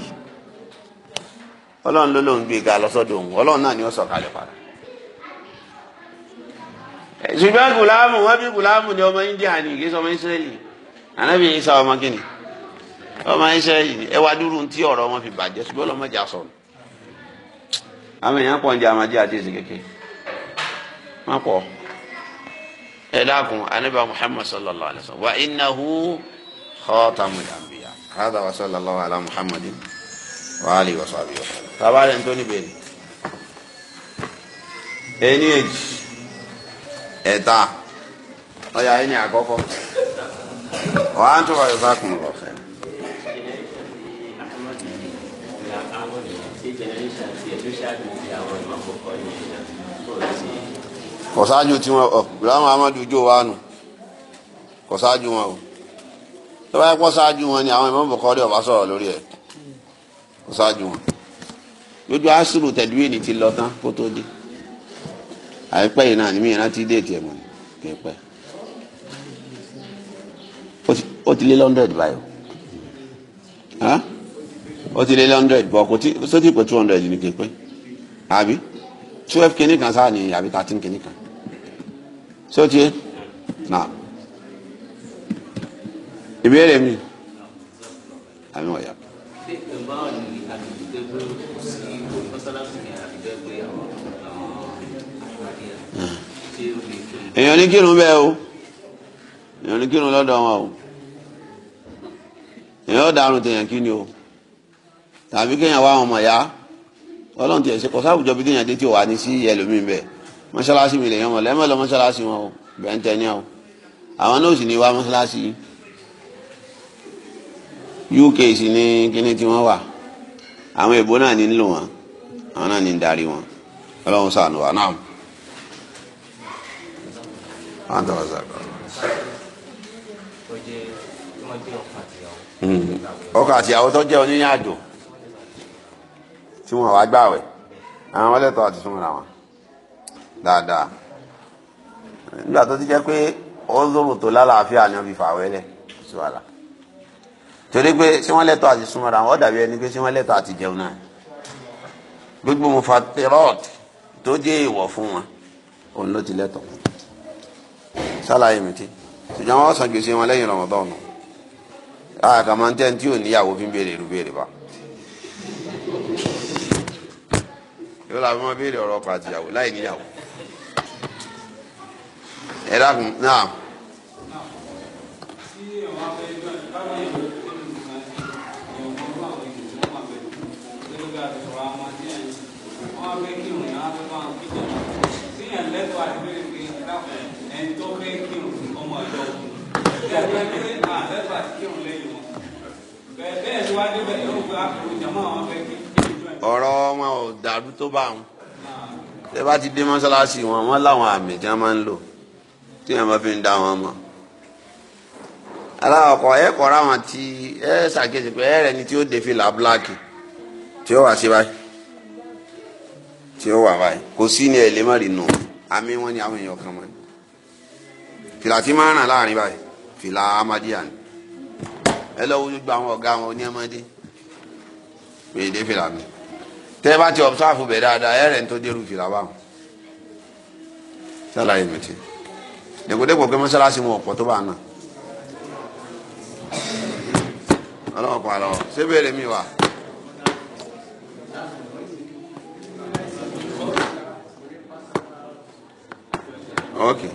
ọlọ́run ló lóun gbé ga lọ́sọ́dọ̀ òun ọlọ́run náà ni ó sọ̀kalẹ̀ padà ṣùgbọ́n gùlámù wọn bí gùlámù ni ọmọ India ni kì í sọ ọmọ yìí ọmọ ọmọ iṣẹ́ yìí ẹwà dúró ti ọ̀rọ̀ wọn fi bàjẹ́ ṣùgbọ́n ọlọ́mọdé aṣọ ni àwọn èèyàn pọ̀ ń jẹ àmàjẹ́ àdéhùn kékeré má pọ̀ ẹ dákun anábà muhammad sallallahu alayhi wa sallam wa innahu khatamul anbiya hada wa sallallahu ala wa alihi wa sahbihi wa sallam tabaare ntoni bẹ́ẹ̀ ẹni èjì ẹ̀ta ọ̀yà ẹni àkọ́kọ́ wa antum wa jazakumullahu khairan. kọ̀sáájú tí wọ́n ọ láwọn amadu jó wa nù kọ̀sáájú wọn o tó bá yẹ kọ̀sáájú wọn ni àwọn ìmọ̀ bọ̀kọ́ rí ọ̀bá sọ̀rọ̀ lórí ẹ̀ kọ̀sáájú wọn lójú asuru tẹ̀dúwìnì ti lọ tán kó tó dé àìpẹ́ yìí náà ni mí ìrántí déètì ẹ̀ mọ̀ ní kẹ́pẹ́ ó ti lé lọ́ndẹ̀d báyìí ó ti lé lọ́ndẹ̀d kò tí sótì pé two hundred ní Abi. twelve kini kan sáà nìyẹn àbí thirteen kini kan so tie na ìbéèrè mi àmì wọ̀nyà. èèyàn ní kírun bẹ́ẹ̀ o èèyàn ní kírun lọ́dọ̀ wọn o èèyàn ó darun tèèyàn kí ni o tàbí kéèyàn wá àwọn ọmọ ya. ọlọ́run ti ẹ̀sìn kọ́sá àwùjọ bíi téèyàn dé tí ò wà ní sí ẹlòmíì bẹ́ẹ̀ mọ́ṣáláṣí mi lèèyàn mọ̀ lẹ́mọ̀ lọ mọ́ṣáláṣí wọn o bẹ́ẹ̀ ń tẹ́ni o àwọn náà sì ní wá mọ́ṣáláṣí UK sì ní kíní tí wọ́n wà àwọn èbó náà ní ń lò wọn àwọn náà ní ń darí wọn ọlọ́run ṣàánú wa náà. wọ́n á tọ́wọ́ sàkọ́. ọkọ̀ àti àwọn hmm. tó jẹ́ oníyàjò tí wọ́n wá gbàwẹ̀ àwọn ọlẹ́tọ̀ àti súnmọ́ra wọn dáadáa nígbà tó ti jẹ́ pé ó zòrò tó lálàáfíà ni wọ́n fi fà wẹ́lẹ̀ sí wàhálà torí pé ṣé wọ́n lẹ́tọ̀ àti súnmọ́ra wọn ó dàbí ẹni pé ṣé wọ́n lẹ́tọ̀ àti jẹun náà gbogbo mufatirot tó jẹ́ ìwọ̀ fún wọn òun ló ti lẹ́tọ̀ sálàyé mi ti ṣùgbọ́n wọ́n san gbèsè wọn lẹ́yìn Ramadan àkàmọ́ntẹ́ tí ò níyàwó fi ń béèrè ìrú béèrè báà. yóò la fún ọ béèrè ọ̀rọ̀ ọkọ àti ìyàwó láì níyàwó ẹ dákun náà. bẹ́ẹ̀ bẹ́ẹ̀ ni wàá débẹ̀ lóògùn àpò ìjàmọ́ àwọn fẹ́ kí kí ìjọ ọ̀rọ̀ wọn ò dàrú tó bá wọn tẹ bá ti dé mọ́ṣáláṣí wọn wọn láwọn àmì tí wọn máa ń lò tí wọn bá fi ń dá wọn mọ̀ aláwọ̀kọ̀ ẹ kọ̀ọ̀rọ̀ àwọn tí ẹ ṣàkíyèsí pé ẹ rẹ̀ ni tí ó dé fìlà bíláàkì tí ó wà sí báyìí tí ó wà báyìí kò sí ní ẹ lè má rí nù àmì wọn ni àwọn èèyàn kan mọ́ ni fìlà tí máa ń ràn láàrin báyìí fìlà amadiya ni ẹ lọ wo gbogbo àwọn ọ̀gá wọn oníyàmọdé pé èdè mi tẹ́ bá ti observe bẹ̀ dáadáa ẹ̀ rẹ̀ ń tó dérú fìlà báwọn sálàyé mi ti dẹ́gbẹ́dẹ́gbẹ́ pé mọ́sálásí wọn ọ̀pọ̀ tó bá náà ọlọ́wọ́ kan sébèrè mi wà. Okay.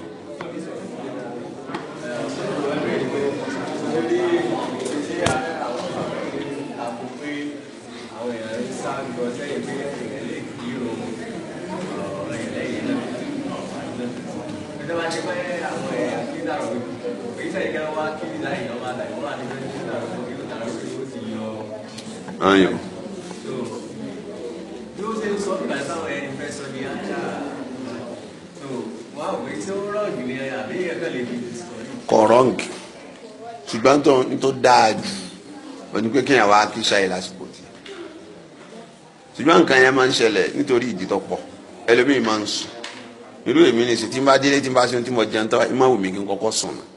ayọ̀. yóò ṣe sọ ìgbà táwọn ẹni fẹ́ sọ ní ajá wọn àwọn èyí tí ó rọ̀gì ni àbí ẹ̀kọ́ lè fi kọ̀rọ̀ǹgì ṣùgbọ́n tó ń tó dáa jù wọ́n ní pé kéèyàn wá kí ṣáyé lásìkò tí ṣùgbọ́n nǹkan yẹn máa ń ṣẹlẹ̀ nítorí ìdí tó pọ̀ ẹlòmíì máa ń sùn irú èmi nìṣẹ́ tí n bá délé tí n bá ṣe ohun tí mo jẹun tó ẹ má kí n kọ́kọ́ sùn náà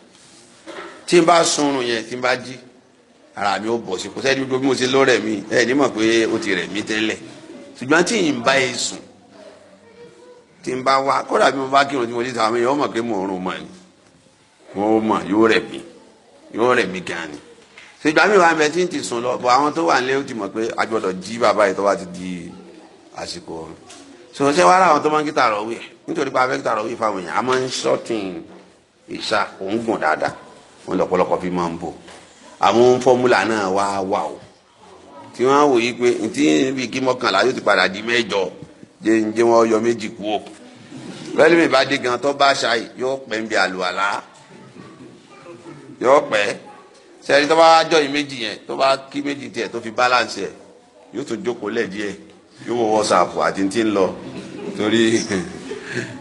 tí n bá sunrun yẹn tí n bá jí ara mi ó bọ̀ sí kò sẹ́ni gbogbo mo ṣe lọ́rẹ̀ mi ẹ̀ ní mọ̀ pé ó ti rẹ̀ mí tẹ́lẹ̀ ṣùgbọ́n tí n bá yẹ sùn tí n bá wá kódà bí mo bá kírun tí mo ti sọ àwọn èèyàn mọ̀ pé mo rún mọ̀ ni mo mọ̀ yóò rẹ̀ mí yóò rẹ̀ mí gan ni ṣùgbọ́n mi wà mẹ́ tí n ti sùn lọ bọ̀ àwọn tó wà nílé ó ti mọ̀ pé a gbọ́dọ̀ jí bàbá yìí tó bá ti di àsìkò ọ̀run sọ ṣe wàhálà àwọn tó máa ń kíta rọ̀ wí nítorí pé a fẹ́ kíta rọ̀ fáwọn èèyàn a máa ń ṣọ́tìn ìṣà òun dáadáa wọn lọ́pọ̀lọpọ̀ fi máa ń bò àwọn fọ́múlà náà wá wà o tí wọ́n á wò yí pé ntí bí kí mọ́kànlá yóò ti padà di mẹ́jọ jẹ́ njẹ́ wọ́n yọ méjì kú o bẹ́ẹ̀ni mi bá dé gan tó bá ṣá yóò pẹ́ ń bi àlùwàlá yóò pẹ́ sẹ́ni tó bá jọ yìí méjì yẹn tó bá kí méjì tiẹ̀ tó fi balance ẹ̀ yóò tún jókòó lẹ̀ díẹ̀ yóò wọ WhatsApp àti ti ń lọ torí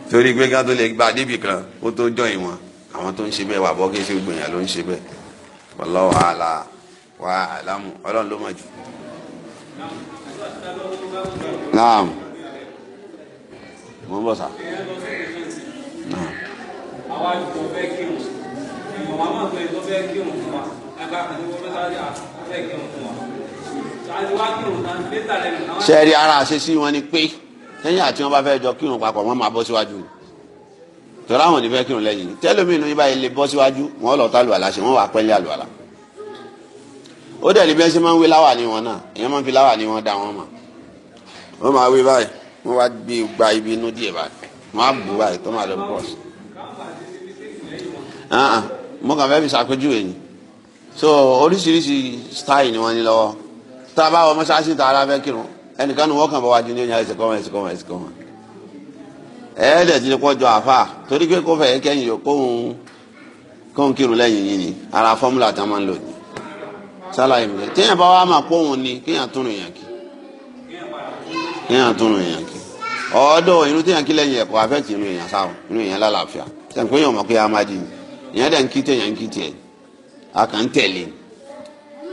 <laughs> torí pé tó lè gba débì kan ó tó jọ ìwọ̀n àwọn tó ń ṣe bẹ́ẹ̀ wà bọ́ kéṣe gbìyàn ló ń ṣe bẹ́ẹ̀ wallahu ala wa alamu ọlọ́run ló mọ̀ jù. naam mo ń bọ̀ sá. naam. àwa jọ fẹ́ kírun màmá máa gbé tó fẹ́ ara àṣesí wọn ni pé lẹ́yìn àti wọn bá fẹ́ jọ kírun papọ̀ wọn máa bọ́ síwájú. Si tọ́lá ni onífẹ́ kírun lẹ́yìn tẹ́lómi inú ibà ilé bọ́ síwájú wọn lọ́ọ́ tá lu àlàṣẹ wọn wà pẹ́ńlẹ́ àlù àlà ó dẹ̀ ní bí wọ́n ṣe máa ń wé láwà ní wọn náà èèyàn máa ń fi láwà ní wọn dá wọn mọ̀ wọ́n máa wé báyìí wọ́n wá gbé gba ibi inú díẹ̀ báyìí wọ́n á gbó báyìí tó máa lọ bọ̀ sí. mo kàn fẹ́ fi ṣàpèjúwe ni so oríṣiríṣi style ni wọ́n ní lọ́wọ́ tá a bá wọ mọ́ṣáláṣí tá a fẹ́ kírun ẹnìkan ní wọ́n kàn bọ́ wájú ní oyin àìsèkọ́mọ àìsèkọ́mọ àìsèkọ́mọ ẹ̀ẹ́dẹ̀ ti ní jọ àfa torí pé kó fẹ̀yẹ́ kẹ́yìn yòó kóhun kóhun kírun lẹ́yìn yìí ni ara fọ́múlà tá a máa ń lò ní sálàyé mi téèyàn bá ni kéèyàn tún rìn yàn kí kéèyàn tún rìn yàn kí ọ̀ọ́dọ̀ inú téèyàn kí lẹ́yìn ẹ̀kọ́ afẹ́ sáwọn lálàáfíà mọ̀ máa dẹ̀ ń kí téèyàn ń kí tiẹ̀ a kàn ń tẹ̀lé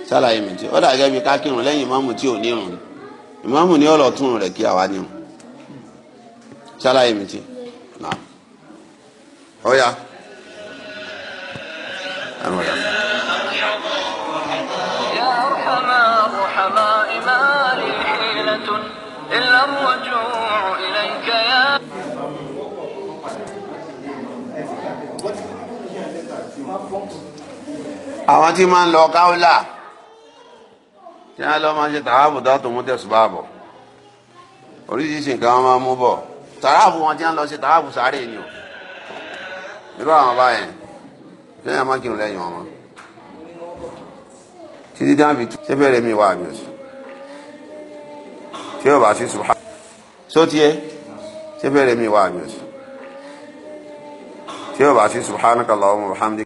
sálàyé mi tí ọ̀dà gẹ́gẹ́ bí ká kírun lẹ́yìn ní ṣàlàyé mi ti nà ó yá. يا أرحما رحما إمالي حيلة إلا الرجوع إليك يا àwọn tí máa ń lọ káwùlà tí wọn lọ máa ń ṣe tààmù dátùmù tẹsùbà bọ oríṣiríṣi nǹkan wọn máa ń mú bọ tàrààfù wọn ti ń lọ sí tàrààfù sáré ni o irú àwọn báyẹn kí lèèyàn máa kírun lẹ́yìn wọn títí dáhùn fi tún sẹ́fẹ̀rẹ̀ mi wà àbí oṣù tí yóò bá sí subhan sótìẹ́ sẹ́fẹ̀rẹ̀ mi wà àbí oṣù tí yóò bá sí subhanaka Allahumma wa bihamdika.